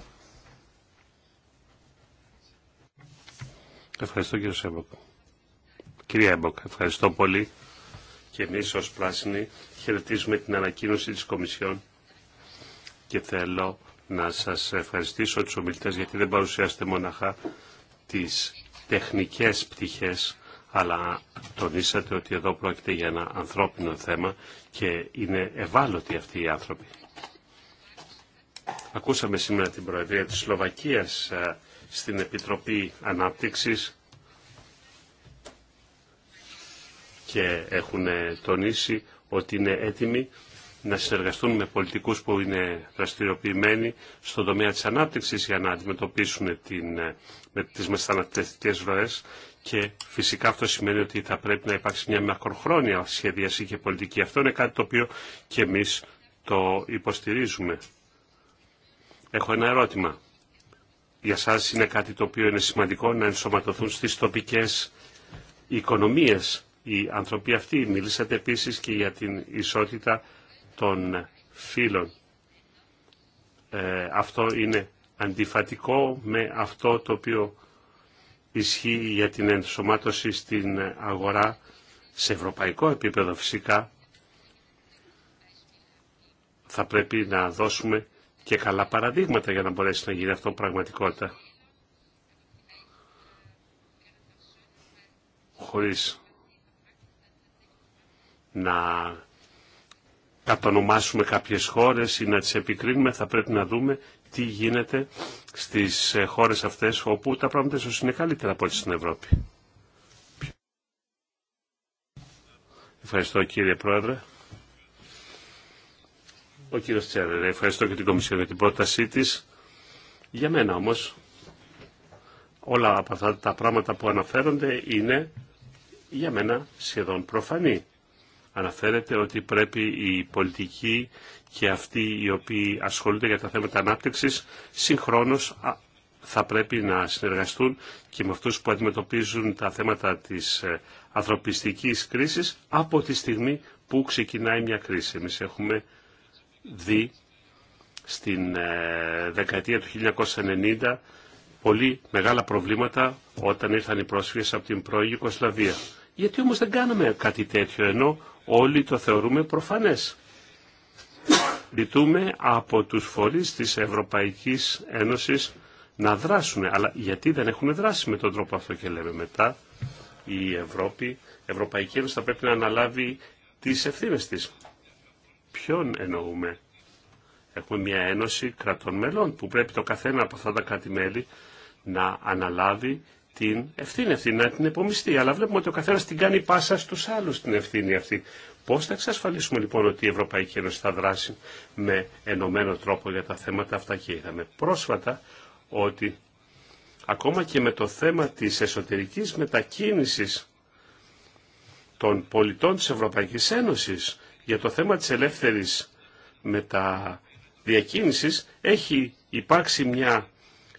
Ευχαριστώ κύριε Σέμποκ. Κυρία Έμποκ, ευχαριστώ πολύ και εμείς ως πράσινοι χαιρετίζουμε την ανακοίνωση της Κομισιόν και θέλω να σας ευχαριστήσω τους ομιλητές γιατί δεν παρουσιάσετε μοναχά τις τεχνικές πτυχές αλλά τονίσατε ότι εδώ πρόκειται για ένα ανθρώπινο θέμα και είναι ευάλωτοι αυτοί οι άνθρωποι. Ακούσαμε σήμερα την Προεδρία της Σλοβακίας ε, στην Επιτροπή Ανάπτυξης και έχουν τονίσει ότι είναι έτοιμοι να συνεργαστούν με πολιτικούς που είναι δραστηριοποιημένοι στον τομέα της ανάπτυξης για να αντιμετωπίσουν την, ε, με τις ροές και φυσικά αυτό σημαίνει ότι θα πρέπει να υπάρξει μια μακροχρόνια σχεδιασή και πολιτική. Αυτό είναι κάτι το οποίο και εμείς το υποστηρίζουμε. Έχω ένα ερώτημα. Για σας είναι κάτι το οποίο είναι σημαντικό να ενσωματωθούν στις τοπικές οικονομίες οι άνθρωποι αυτοί. Μιλήσατε επίσης και για την ισότητα των φύλων. Ε, αυτό είναι αντιφατικό με αυτό το οποίο ισχύει για την ενσωμάτωση στην αγορά σε ευρωπαϊκό επίπεδο φυσικά. Θα πρέπει να δώσουμε και καλά παραδείγματα για να μπορέσει να γίνει αυτό πραγματικότητα. Χωρίς να κατονομάσουμε κάποιες χώρες ή να τις επικρίνουμε, θα πρέπει να δούμε τι γίνεται στις ε, χώρες αυτές όπου τα πράγματα ίσως είναι καλύτερα από ό,τι στην Ευρώπη. Ευχαριστώ κύριε Πρόεδρε. Ο κύριος Τσέρερ, ευχαριστώ και την Κομισιόν για την πρότασή της. Για μένα όμως, όλα από αυτά τα πράγματα που αναφέρονται είναι για μένα σχεδόν προφανή αναφέρεται ότι πρέπει οι πολιτικοί και αυτοί οι οποίοι ασχολούνται για τα θέματα ανάπτυξης συγχρόνως θα πρέπει να συνεργαστούν και με αυτούς που αντιμετωπίζουν τα θέματα της ε, ανθρωπιστικής κρίσης από τη στιγμή που ξεκινάει μια κρίση. Εμείς έχουμε δει στην ε, δεκαετία του 1990 πολύ μεγάλα προβλήματα όταν ήρθαν οι πρόσφυγες από την πρώην Ιουκοσλαβία. Γιατί όμως δεν κάναμε κάτι τέτοιο ενώ όλοι το θεωρούμε προφανές. Λυτούμε από τους φορείς της Ευρωπαϊκής Ένωσης να δράσουν. Αλλά γιατί δεν έχουν δράσει με τον τρόπο αυτό και λέμε μετά η Ευρώπη, η Ευρωπαϊκή Ένωση θα πρέπει να αναλάβει τις ευθύνες της. Ποιον εννοούμε. Έχουμε μια ένωση κρατών μελών που πρέπει το καθένα από αυτά τα κράτη-μέλη να αναλάβει την ευθύνη αυτή, να την επομιστεί. Αλλά βλέπουμε ότι ο καθένα την κάνει πάσα στου άλλου την ευθύνη αυτή. Πώ θα εξασφαλίσουμε λοιπόν ότι η Ευρωπαϊκή Ένωση θα δράσει με ενωμένο τρόπο για τα θέματα αυτά και είδαμε πρόσφατα ότι ακόμα και με το θέμα της εσωτερικής μετακίνησης των πολιτών της Ευρωπαϊκής Ένωσης για το θέμα της ελεύθερης μεταδιακίνησης έχει υπάρξει μια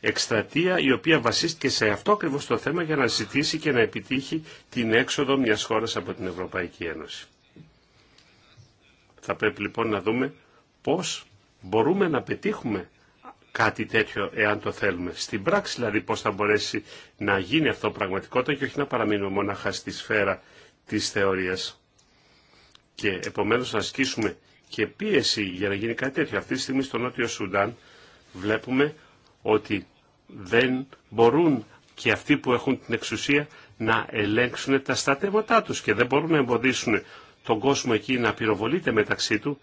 εκστρατεία η οποία βασίστηκε σε αυτό ακριβώ το θέμα για να ζητήσει και να επιτύχει την έξοδο μια χώρα από την Ευρωπαϊκή Ένωση. Θα πρέπει λοιπόν να δούμε πώ μπορούμε να πετύχουμε κάτι τέτοιο εάν το θέλουμε. Στην πράξη δηλαδή πώς θα μπορέσει να γίνει αυτό πραγματικότητα και όχι να παραμείνουμε μονάχα στη σφαίρα της θεωρίας. Και επομένως να ασκήσουμε και πίεση για να γίνει κάτι τέτοιο. Αυτή τη στιγμή στο Νότιο Σουντάν βλέπουμε ότι δεν μπορούν και αυτοί που έχουν την εξουσία να ελέγξουν τα στατεύματά τους και δεν μπορούν να εμποδίσουν τον κόσμο εκεί να πυροβολείται μεταξύ του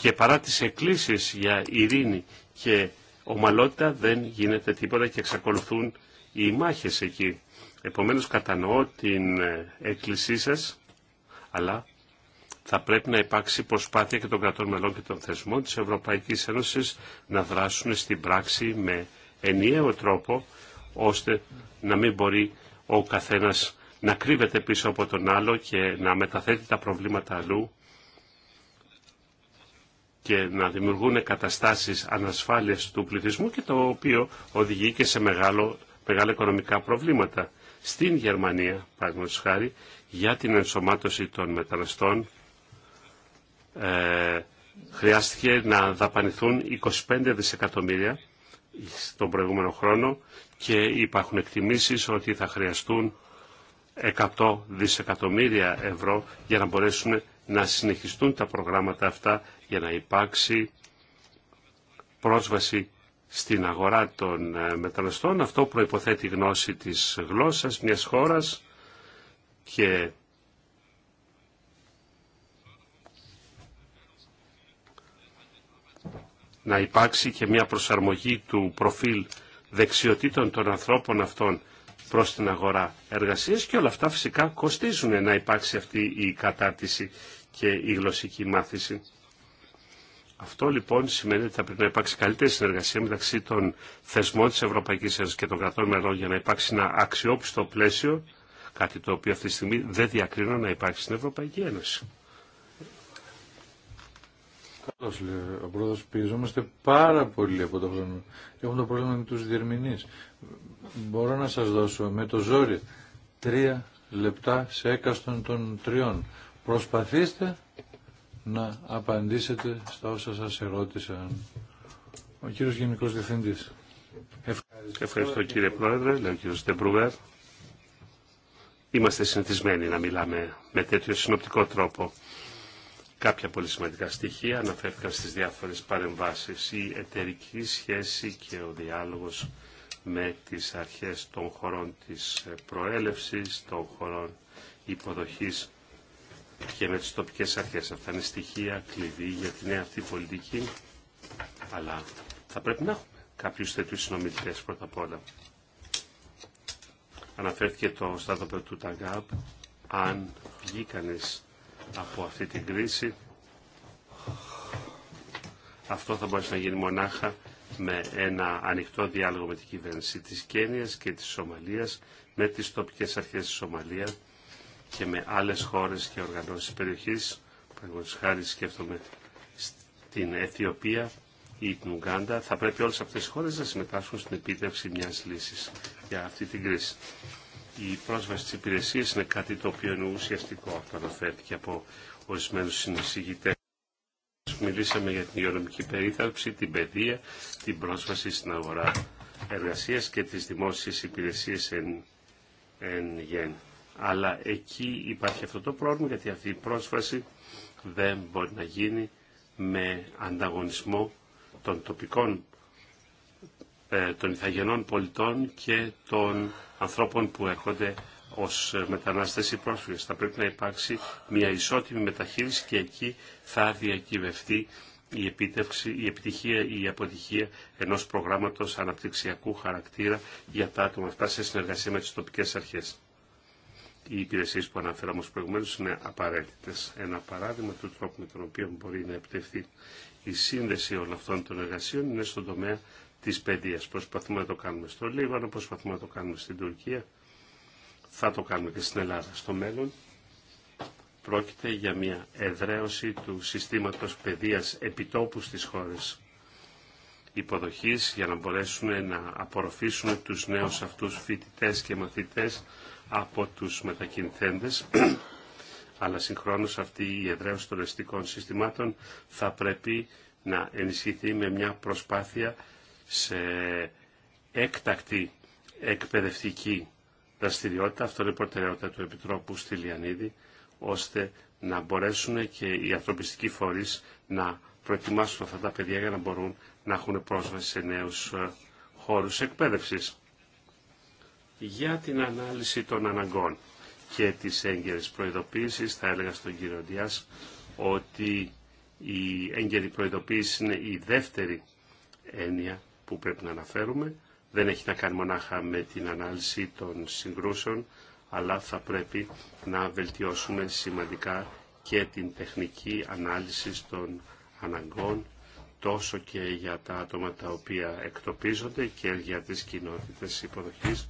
και παρά τις εκκλήσεις για ειρήνη και ομαλότητα δεν γίνεται τίποτα και εξακολουθούν οι μάχες εκεί. Επομένως κατανοώ την ε, έκκλησή σας, αλλά θα πρέπει να υπάρξει προσπάθεια και των κρατών μελών και των θεσμών της Ευρωπαϊκής Ένωσης να δράσουν στην πράξη με ενιαίο τρόπο ώστε να μην μπορεί ο καθένας να κρύβεται πίσω από τον άλλο και να μεταθέτει τα προβλήματα αλλού και να δημιουργούν καταστάσεις ανασφάλειας του πληθυσμού και το οποίο οδηγεί και σε μεγάλο, μεγάλα οικονομικά προβλήματα. Στην Γερμανία, παραδείγματος χάρη, για την ενσωμάτωση των μεταναστών ε, χρειάστηκε να δαπανηθούν 25 δισεκατομμύρια στον προηγούμενο χρόνο και υπάρχουν εκτιμήσεις ότι θα χρειαστούν 100 δισεκατομμύρια ευρώ για να μπορέσουν να συνεχιστούν τα προγράμματα αυτά για να υπάρξει πρόσβαση στην αγορά των ε, μεταναστών. Αυτό προϋποθέτει γνώση της γλώσσας μιας χώρας και να υπάρξει και μια προσαρμογή του προφίλ δεξιοτήτων των ανθρώπων αυτών προς την αγορά εργασίας και όλα αυτά φυσικά κοστίζουν να υπάρξει αυτή η κατάρτιση και η γλωσσική μάθηση. Αυτό λοιπόν σημαίνει ότι θα πρέπει να υπάρξει καλύτερη συνεργασία μεταξύ των θεσμών της Ευρωπαϊκής Ένωσης και των κρατών μελών για να υπάρξει ένα αξιόπιστο πλαίσιο, κάτι το οποίο αυτή τη στιγμή δεν διακρίνω να υπάρχει στην Ευρωπαϊκή Ένωση. Καλώ. λέει ο πρόεδρο. πιεζόμαστε πάρα πολύ από το χρόνο. Έχουμε το πρόβλημα με του διερμηνεί. Μπορώ να σα δώσω με το ζόρι τρία λεπτά σε έκαστον των τριών. Προσπαθήστε να απαντήσετε στα όσα σα ερώτησαν. Ο κύριο Γενικό Διευθυντή. Ευχαριστώ, Ευχαριστώ κύριε Πρόεδρε, λέει ο κύριο Ντεμπρούγερ. Είμαστε συνηθισμένοι να μιλάμε με τέτοιο συνοπτικό τρόπο. Κάποια πολύ σημαντικά στοιχεία αναφέρθηκαν στις διάφορες παρεμβάσεις. Η εταιρική σχέση και ο διάλογος με τις αρχές των χωρών της προέλευσης, των χωρών υποδοχής και με τις τοπικές αρχές. Αυτά είναι στοιχεία κλειδί για την νέα αυτή πολιτική, αλλά θα πρέπει να έχουμε κάποιους τέτοιους συνομιλητές πρώτα απ' όλα. Αναφέρθηκε το στάδιο του αν βγει από αυτή την κρίση. Αυτό θα μπορέσει να γίνει μονάχα με ένα ανοιχτό διάλογο με την κυβέρνηση της Κένιας και της Σομαλίας, με τις τοπικές αρχές της Σομαλία και με άλλες χώρες και οργανώσεις περιοχής. Παραγωγής χάρη σκέφτομαι στην Αιθιοπία ή την Ουγγάντα. Θα πρέπει όλες αυτές οι χώρες να συμμετάσχουν στην επίτευξη μιας λύσης για αυτή την κρίση η πρόσβαση στις υπηρεσίες είναι κάτι το οποίο είναι ουσιαστικό. Αυτό αναφέρθηκε από ορισμένου συνεισηγητές. Μιλήσαμε για την υγειονομική περίθαλψη, την παιδεία, την πρόσβαση στην αγορά εργασίας και τις δημόσιες υπηρεσίες εν, εν γέν. Αλλά εκεί υπάρχει αυτό το πρόβλημα γιατί αυτή η πρόσβαση δεν μπορεί να γίνει με ανταγωνισμό των τοπικών ε, των Ιθαγενών πολιτών και των ανθρώπων που έρχονται ως μετανάστες ή πρόσφυγες. Θα πρέπει να υπάρξει μια ισότιμη μεταχείριση και εκεί θα διακυβευτεί η, επίτευξη, η επιτυχία ή η αποτυχία ενός προγράμματος αναπτυξιακού χαρακτήρα για τα άτομα αυτά σε συνεργασία με τις τοπικές αρχές. Οι υπηρεσίε που αναφέραμε ως προηγουμένως είναι απαραίτητες. Ένα παράδειγμα του τρόπου με τον οποίο μπορεί να επιτευχθεί η σύνδεση όλων αυτών των εργασίων είναι στον τομέα της παιδείας. Προσπαθούμε να το κάνουμε στο Λίβανο, προσπαθούμε να το κάνουμε στην Τουρκία. Θα το κάνουμε και στην Ελλάδα στο μέλλον. Πρόκειται για μια εδραίωση του συστήματος παιδείας επιτόπου στις χώρες υποδοχής για να μπορέσουν να απορροφήσουν τους νέους αυτούς φοιτητές και μαθητές από τους μετακινηθέντες. Αλλά συγχρόνως αυτή η εδραίωση των αισθητικών συστημάτων θα πρέπει να ενισχυθεί με μια προσπάθεια σε έκτακτη εκπαιδευτική δραστηριότητα. Αυτό είναι η προτεραιότητα του Επιτρόπου στη Λιανίδη, ώστε να μπορέσουν και οι ανθρωπιστικοί φορείς να προετοιμάσουν αυτά τα παιδιά για να μπορούν να έχουν πρόσβαση σε νέους ε, χώρους εκπαίδευσης. Για την ανάλυση των αναγκών και τις έγκαιρες προειδοποίησης θα έλεγα στον κύριο Διάς ότι η έγκαιρη προειδοποίηση είναι η δεύτερη έννοια που πρέπει να αναφέρουμε δεν έχει να κάνει μονάχα με την ανάλυση των συγκρούσεων, αλλά θα πρέπει να βελτιώσουμε σημαντικά και την τεχνική ανάλυση των αναγκών, τόσο και για τα άτομα τα οποία εκτοπίζονται και για τις κοινότητες υποδοχής.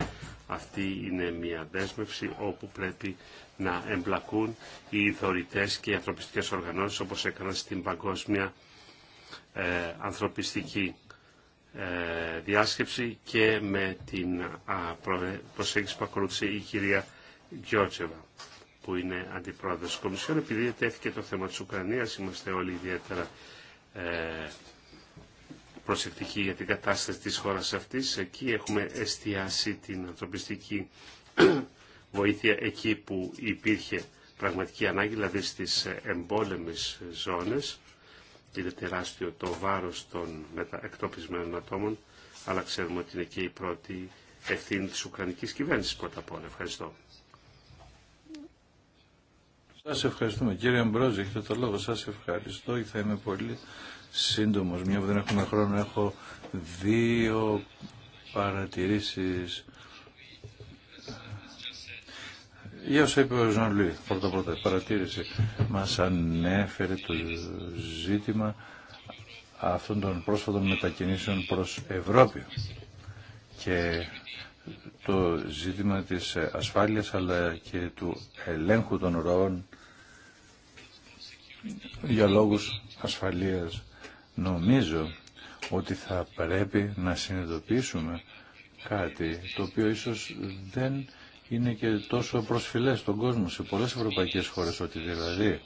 Αυτή είναι μια δέσμευση όπου πρέπει να εμπλακούν οι δωρητές και οι ανθρωπιστικές οργανώσεις, όπως έκαναν στην Παγκόσμια ε, Ανθρωπιστική ε, διάσκεψη και με την προσέγγιση που ακολούθησε η κυρία Γιώργεβα που είναι αντιπρόεδρος της Κομισιόν. Επειδή τέθηκε το θέμα της Ουκρανίας, είμαστε όλοι ιδιαίτερα ε, προσεκτικοί για την κατάσταση της χώρας αυτής. Εκεί έχουμε εστιάσει την ανθρωπιστική βοήθεια εκεί που υπήρχε πραγματική ανάγκη, δηλαδή στις εμπόλεμες ζώνες είναι τεράστιο το βάρος των εκτοπισμένων ατόμων, αλλά ξέρουμε ότι είναι και η πρώτη ευθύνη της Ουκρανικής κυβέρνησης πρώτα απ' όλα. Ευχαριστώ. Σας ευχαριστούμε. Κύριε Αμπρόζη, έχετε το λόγο. Σας ευχαριστώ. Θα είμαι πολύ σύντομος. Μια που δεν έχουμε χρόνο, έχω δύο παρατηρήσεις. Για όσα είπε ο Λουί, πρώτα πρώτα παρατήρηση, μας ανέφερε το ζήτημα αυτών των πρόσφατων μετακινήσεων προς Ευρώπη και το ζήτημα της ασφάλειας αλλά και του ελέγχου των ροών για λόγους ασφαλείας. Νομίζω ότι θα πρέπει να συνειδητοποιήσουμε κάτι το οποίο ίσως δεν είναι και τόσο προσφυλές στον κόσμο σε πολλές ευρωπαϊκές χώρες ότι δηλαδή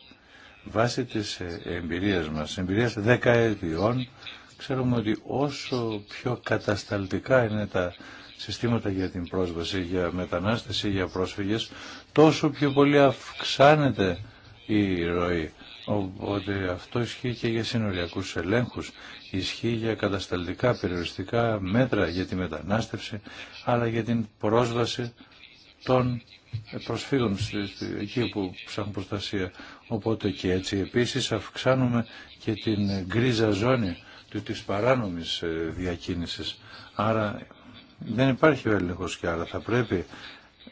βάσει της ε, εμπειρίας μας, εμπειρίας δεκαετιών, ξέρουμε ότι όσο πιο κατασταλτικά είναι τα συστήματα για την πρόσβαση, για μετανάστευση, για πρόσφυγες, τόσο πιο πολύ αυξάνεται η ροή. Οπότε αυτό ισχύει και για συνοριακούς ελέγχου ισχύει για κατασταλτικά περιοριστικά μέτρα για τη μετανάστευση, αλλά για την πρόσβαση των προσφύγων εκεί που ψάχνουν προστασία. Οπότε και έτσι επίσης αυξάνουμε και την γκρίζα ζώνη της παράνομης ε, διακίνησης. Άρα δεν υπάρχει ο έλεγχος και άρα θα πρέπει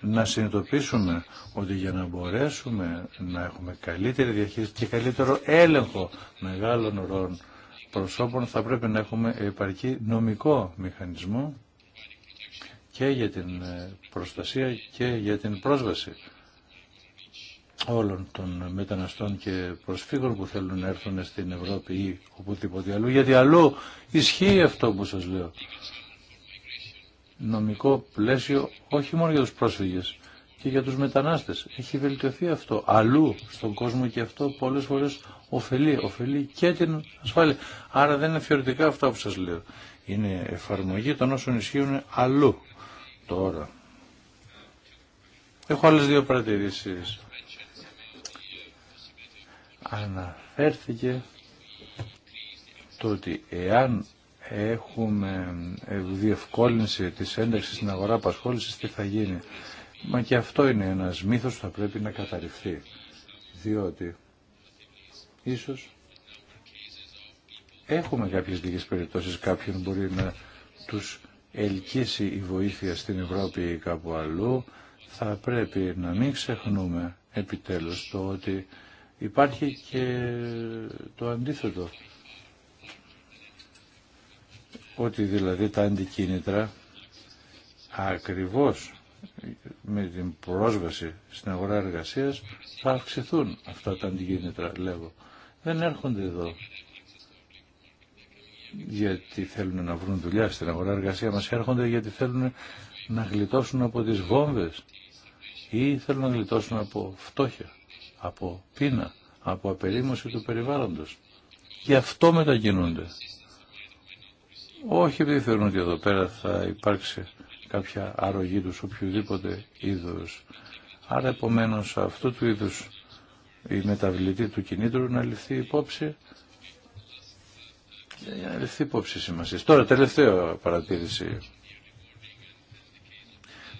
να συνειδητοποιήσουμε ότι για να μπορέσουμε να έχουμε καλύτερη διαχείριση και καλύτερο έλεγχο μεγάλων ροών προσώπων θα πρέπει να έχουμε επαρκή νομικό μηχανισμό και για την ε, προστασία και για την πρόσβαση όλων των μεταναστών και προσφύγων που θέλουν να έρθουν στην Ευρώπη ή οπουδήποτε αλλού, γιατί αλλού ισχύει αυτό που σας λέω. Νομικό πλαίσιο όχι μόνο για τους πρόσφυγες και για τους μετανάστες. Έχει βελτιωθεί αυτό αλλού στον κόσμο και αυτό πολλές φορές ωφελεί, ωφελεί και την ασφάλεια. Άρα δεν είναι θεωρητικά αυτά που σας λέω. Είναι εφαρμογή των όσων ισχύουν αλλού. Τώρα. Έχω άλλες δύο παρατηρήσεις. Αναφέρθηκε το ότι εάν έχουμε διευκόλυνση της ένταξης στην αγορά απασχόλησης, τι θα γίνει. Μα και αυτό είναι ένας μύθος που θα πρέπει να καταρριφθεί. Διότι ίσως έχουμε κάποιες λίγες περιπτώσεις κάποιον μπορεί να τους ελκύσει η βοήθεια στην Ευρώπη ή κάπου αλλού, θα πρέπει να μην ξεχνούμε επιτέλους το ότι υπάρχει και το αντίθετο. Ότι δηλαδή τα αντικίνητρα ακριβώς με την πρόσβαση στην αγορά εργασίας θα αυξηθούν αυτά τα αντικίνητρα, λέγω. Δεν έρχονται εδώ γιατί θέλουν να βρουν δουλειά στην αγορά εργασία μας έρχονται γιατί θέλουν να γλιτώσουν από τις βόμβες ή θέλουν να γλιτώσουν από φτώχεια, από πείνα, από απερίμωση του περιβάλλοντος. Γι' αυτό μετακινούνται. Όχι επειδή θεωρούν ότι εδώ πέρα θα υπάρξει κάποια αρρωγή τους οποιοδήποτε είδους. Άρα επομένως αυτού του είδους η μεταβλητή του κινήτρου να ληφθεί υπόψη ληφθεί υπόψη σημασία. Τώρα, τελευταία παρατήρηση.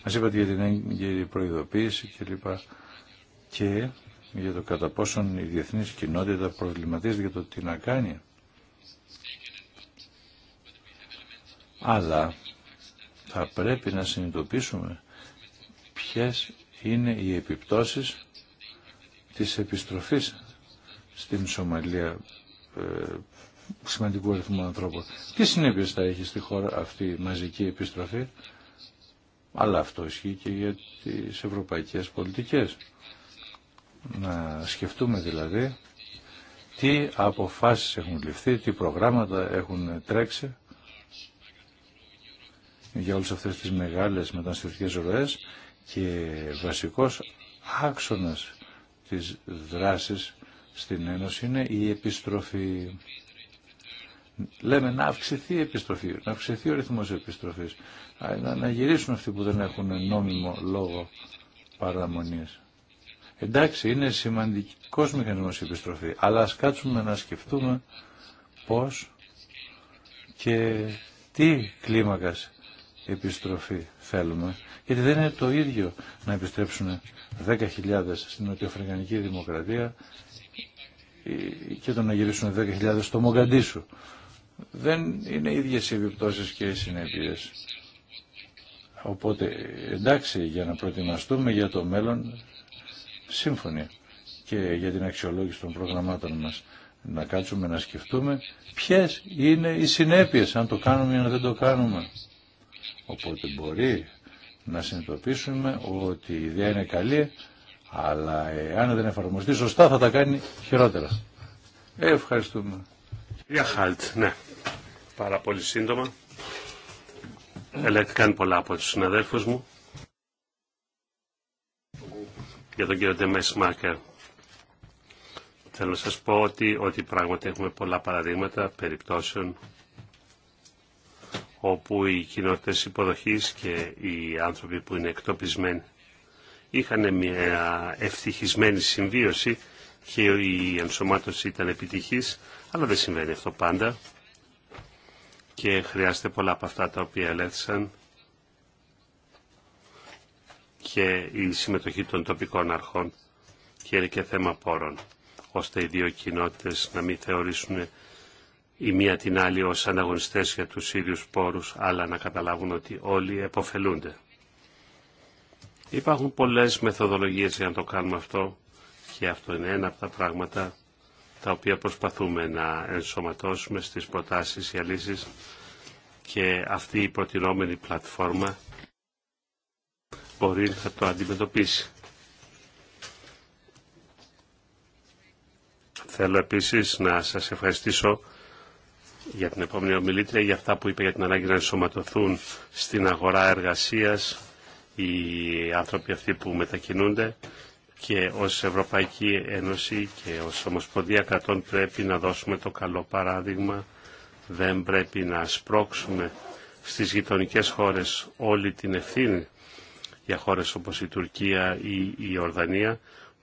Μα είπατε για την έγκυρη προειδοποίηση κλπ. Και για το κατά πόσον η διεθνή κοινότητα προβληματίζεται για το τι να κάνει. Αλλά θα πρέπει να συνειδητοποιήσουμε ποιες είναι οι επιπτώσεις της επιστροφής στην Σομαλία ε, σημαντικού αριθμού ανθρώπων. Τι συνέπειε θα έχει στη χώρα αυτή η μαζική επιστροφή, αλλά αυτό ισχύει και για τι ευρωπαϊκέ πολιτικές. Να σκεφτούμε δηλαδή τι αποφάσεις έχουν ληφθεί, τι προγράμματα έχουν τρέξει για όλες αυτές τις μεγάλες μεταναστευτικές ροές και βασικός άξονας της δράσης στην Ένωση είναι η επιστροφή Λέμε να αυξηθεί η επιστροφή, να αυξηθεί ο ρυθμός επιστροφής, να, να γυρίσουν αυτοί που δεν έχουν νόμιμο λόγο παραμονής. Εντάξει, είναι σημαντικός μηχανισμός η επιστροφή, αλλά ας κάτσουμε να σκεφτούμε πώς και τι κλίμακας επιστροφή θέλουμε. Γιατί δεν είναι το ίδιο να επιστρέψουν 10.000 στην Νοτιοαφρικανική Δημοκρατία ε, και το να γυρίσουν 10.000 στο Μογκαντήσου δεν είναι ίδιες οι επιπτώσεις και οι συνέπειες. Οπότε εντάξει για να προετοιμαστούμε για το μέλλον σύμφωνοι και για την αξιολόγηση των προγραμμάτων μας να κάτσουμε να σκεφτούμε ποιες είναι οι συνέπειες αν το κάνουμε ή αν δεν το κάνουμε. Οπότε μπορεί να συνειδητοποιήσουμε ότι η ιδέα είναι καλή αλλά αν δεν εφαρμοστεί σωστά θα τα κάνει χειρότερα. Ε, ευχαριστούμε. Για ναι πάρα πολύ σύντομα. Ελέγχθηκαν πολλά από τους συναδέλφους μου. Για τον κύριο Ντεμές Μάκερ. Θέλω να σας πω ότι, ότι πράγματι έχουμε πολλά παραδείγματα περιπτώσεων όπου οι κοινότητες υποδοχής και οι άνθρωποι που είναι εκτοπισμένοι είχαν μια ευτυχισμένη συμβίωση και η ενσωμάτωση ήταν επιτυχής, αλλά δεν συμβαίνει αυτό πάντα και χρειάζεται πολλά από αυτά τα οποία ελέγχθησαν και η συμμετοχή των τοπικών αρχών και είναι και θέμα πόρων, ώστε οι δύο κοινότητες να μην θεωρήσουν η μία την άλλη ως ανταγωνιστές για τους ίδιους πόρους, αλλά να καταλάβουν ότι όλοι εποφελούνται. Υπάρχουν πολλές μεθοδολογίες για να το κάνουμε αυτό και αυτό είναι ένα από τα πράγματα τα οποία προσπαθούμε να ενσωματώσουμε στις προτάσεις για λύσεις και αυτή η προτινόμενη πλατφόρμα μπορεί να το αντιμετωπίσει. Θέλω επίσης να σας ευχαριστήσω για την επόμενη ομιλήτρια για αυτά που είπε για την ανάγκη να ενσωματωθούν στην αγορά εργασίας οι άνθρωποι αυτοί που μετακινούνται και ως Ευρωπαϊκή Ένωση και ως Ομοσπονδία Κρατών πρέπει να δώσουμε το καλό παράδειγμα. Δεν πρέπει να σπρώξουμε στις γειτονικέ χώρες όλη την ευθύνη για χώρες όπως η Τουρκία ή η Ορδανία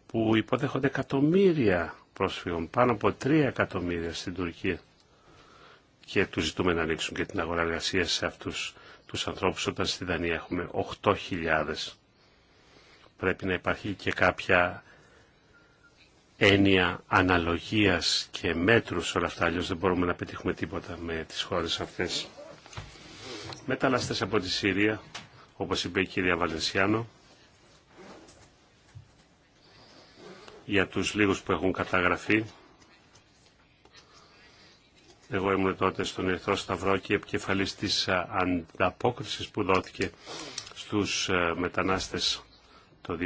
που υποδέχονται εκατομμύρια πρόσφυγων, πάνω από τρία εκατομμύρια στην Τουρκία και τους ζητούμε να ανοίξουν και την αγορά εργασία σε αυτούς τους ανθρώπους όταν στη Δανία έχουμε 8.000 πρέπει να υπάρχει και κάποια έννοια αναλογίας και μέτρου σε όλα αυτά, αλλιώ δεν μπορούμε να πετύχουμε τίποτα με τις χώρες αυτές. Μετανάστες από τη Συρία, όπως είπε η κυρία Βαλενσιάνο, για τους λίγους που έχουν καταγραφεί. Εγώ ήμουν τότε στον Ερυθρό Σταυρό και επικεφαλής της ε, ανταπόκρισης που δόθηκε στους ε, μετανάστες το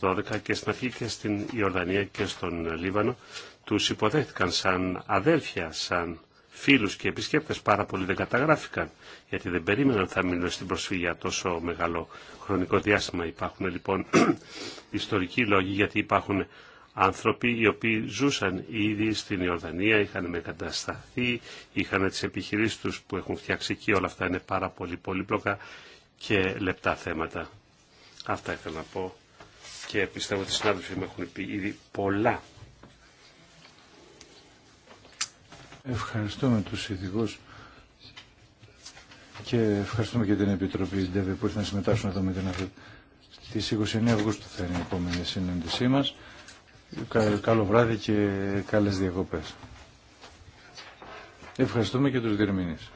2012 και στην αρχή και στην Ιορδανία και στον Λίβανο τους υποδέχτηκαν σαν αδέλφια, σαν φίλους και επισκέπτες πάρα πολύ δεν καταγράφηκαν γιατί δεν περίμεναν θα μείνουν στην προσφυγή για τόσο μεγάλο χρονικό διάστημα. Υπάρχουν λοιπόν ιστορικοί λόγοι γιατί υπάρχουν άνθρωποι οι οποίοι ζούσαν ήδη στην Ιορδανία, είχαν κατασταθεί, είχαν τις επιχειρήσεις τους που έχουν φτιάξει εκεί, όλα αυτά είναι πάρα πολύ πολύπλοκα και λεπτά θέματα. Αυτά ήθελα να πω και πιστεύω ότι οι συνάδελφοι μου έχουν πει ήδη πολλά. Ευχαριστούμε τους ειδικού και ευχαριστούμε και την Επιτροπή ΔΕΒΕ που ήρθε να συμμετάσχουν εδώ με την ΑΦΕΤ. Στις 29 Αυγούστου θα είναι η επόμενη συνάντησή μας. Καλό βράδυ και καλές διακοπές. Ευχαριστούμε και τους διερμηνείς.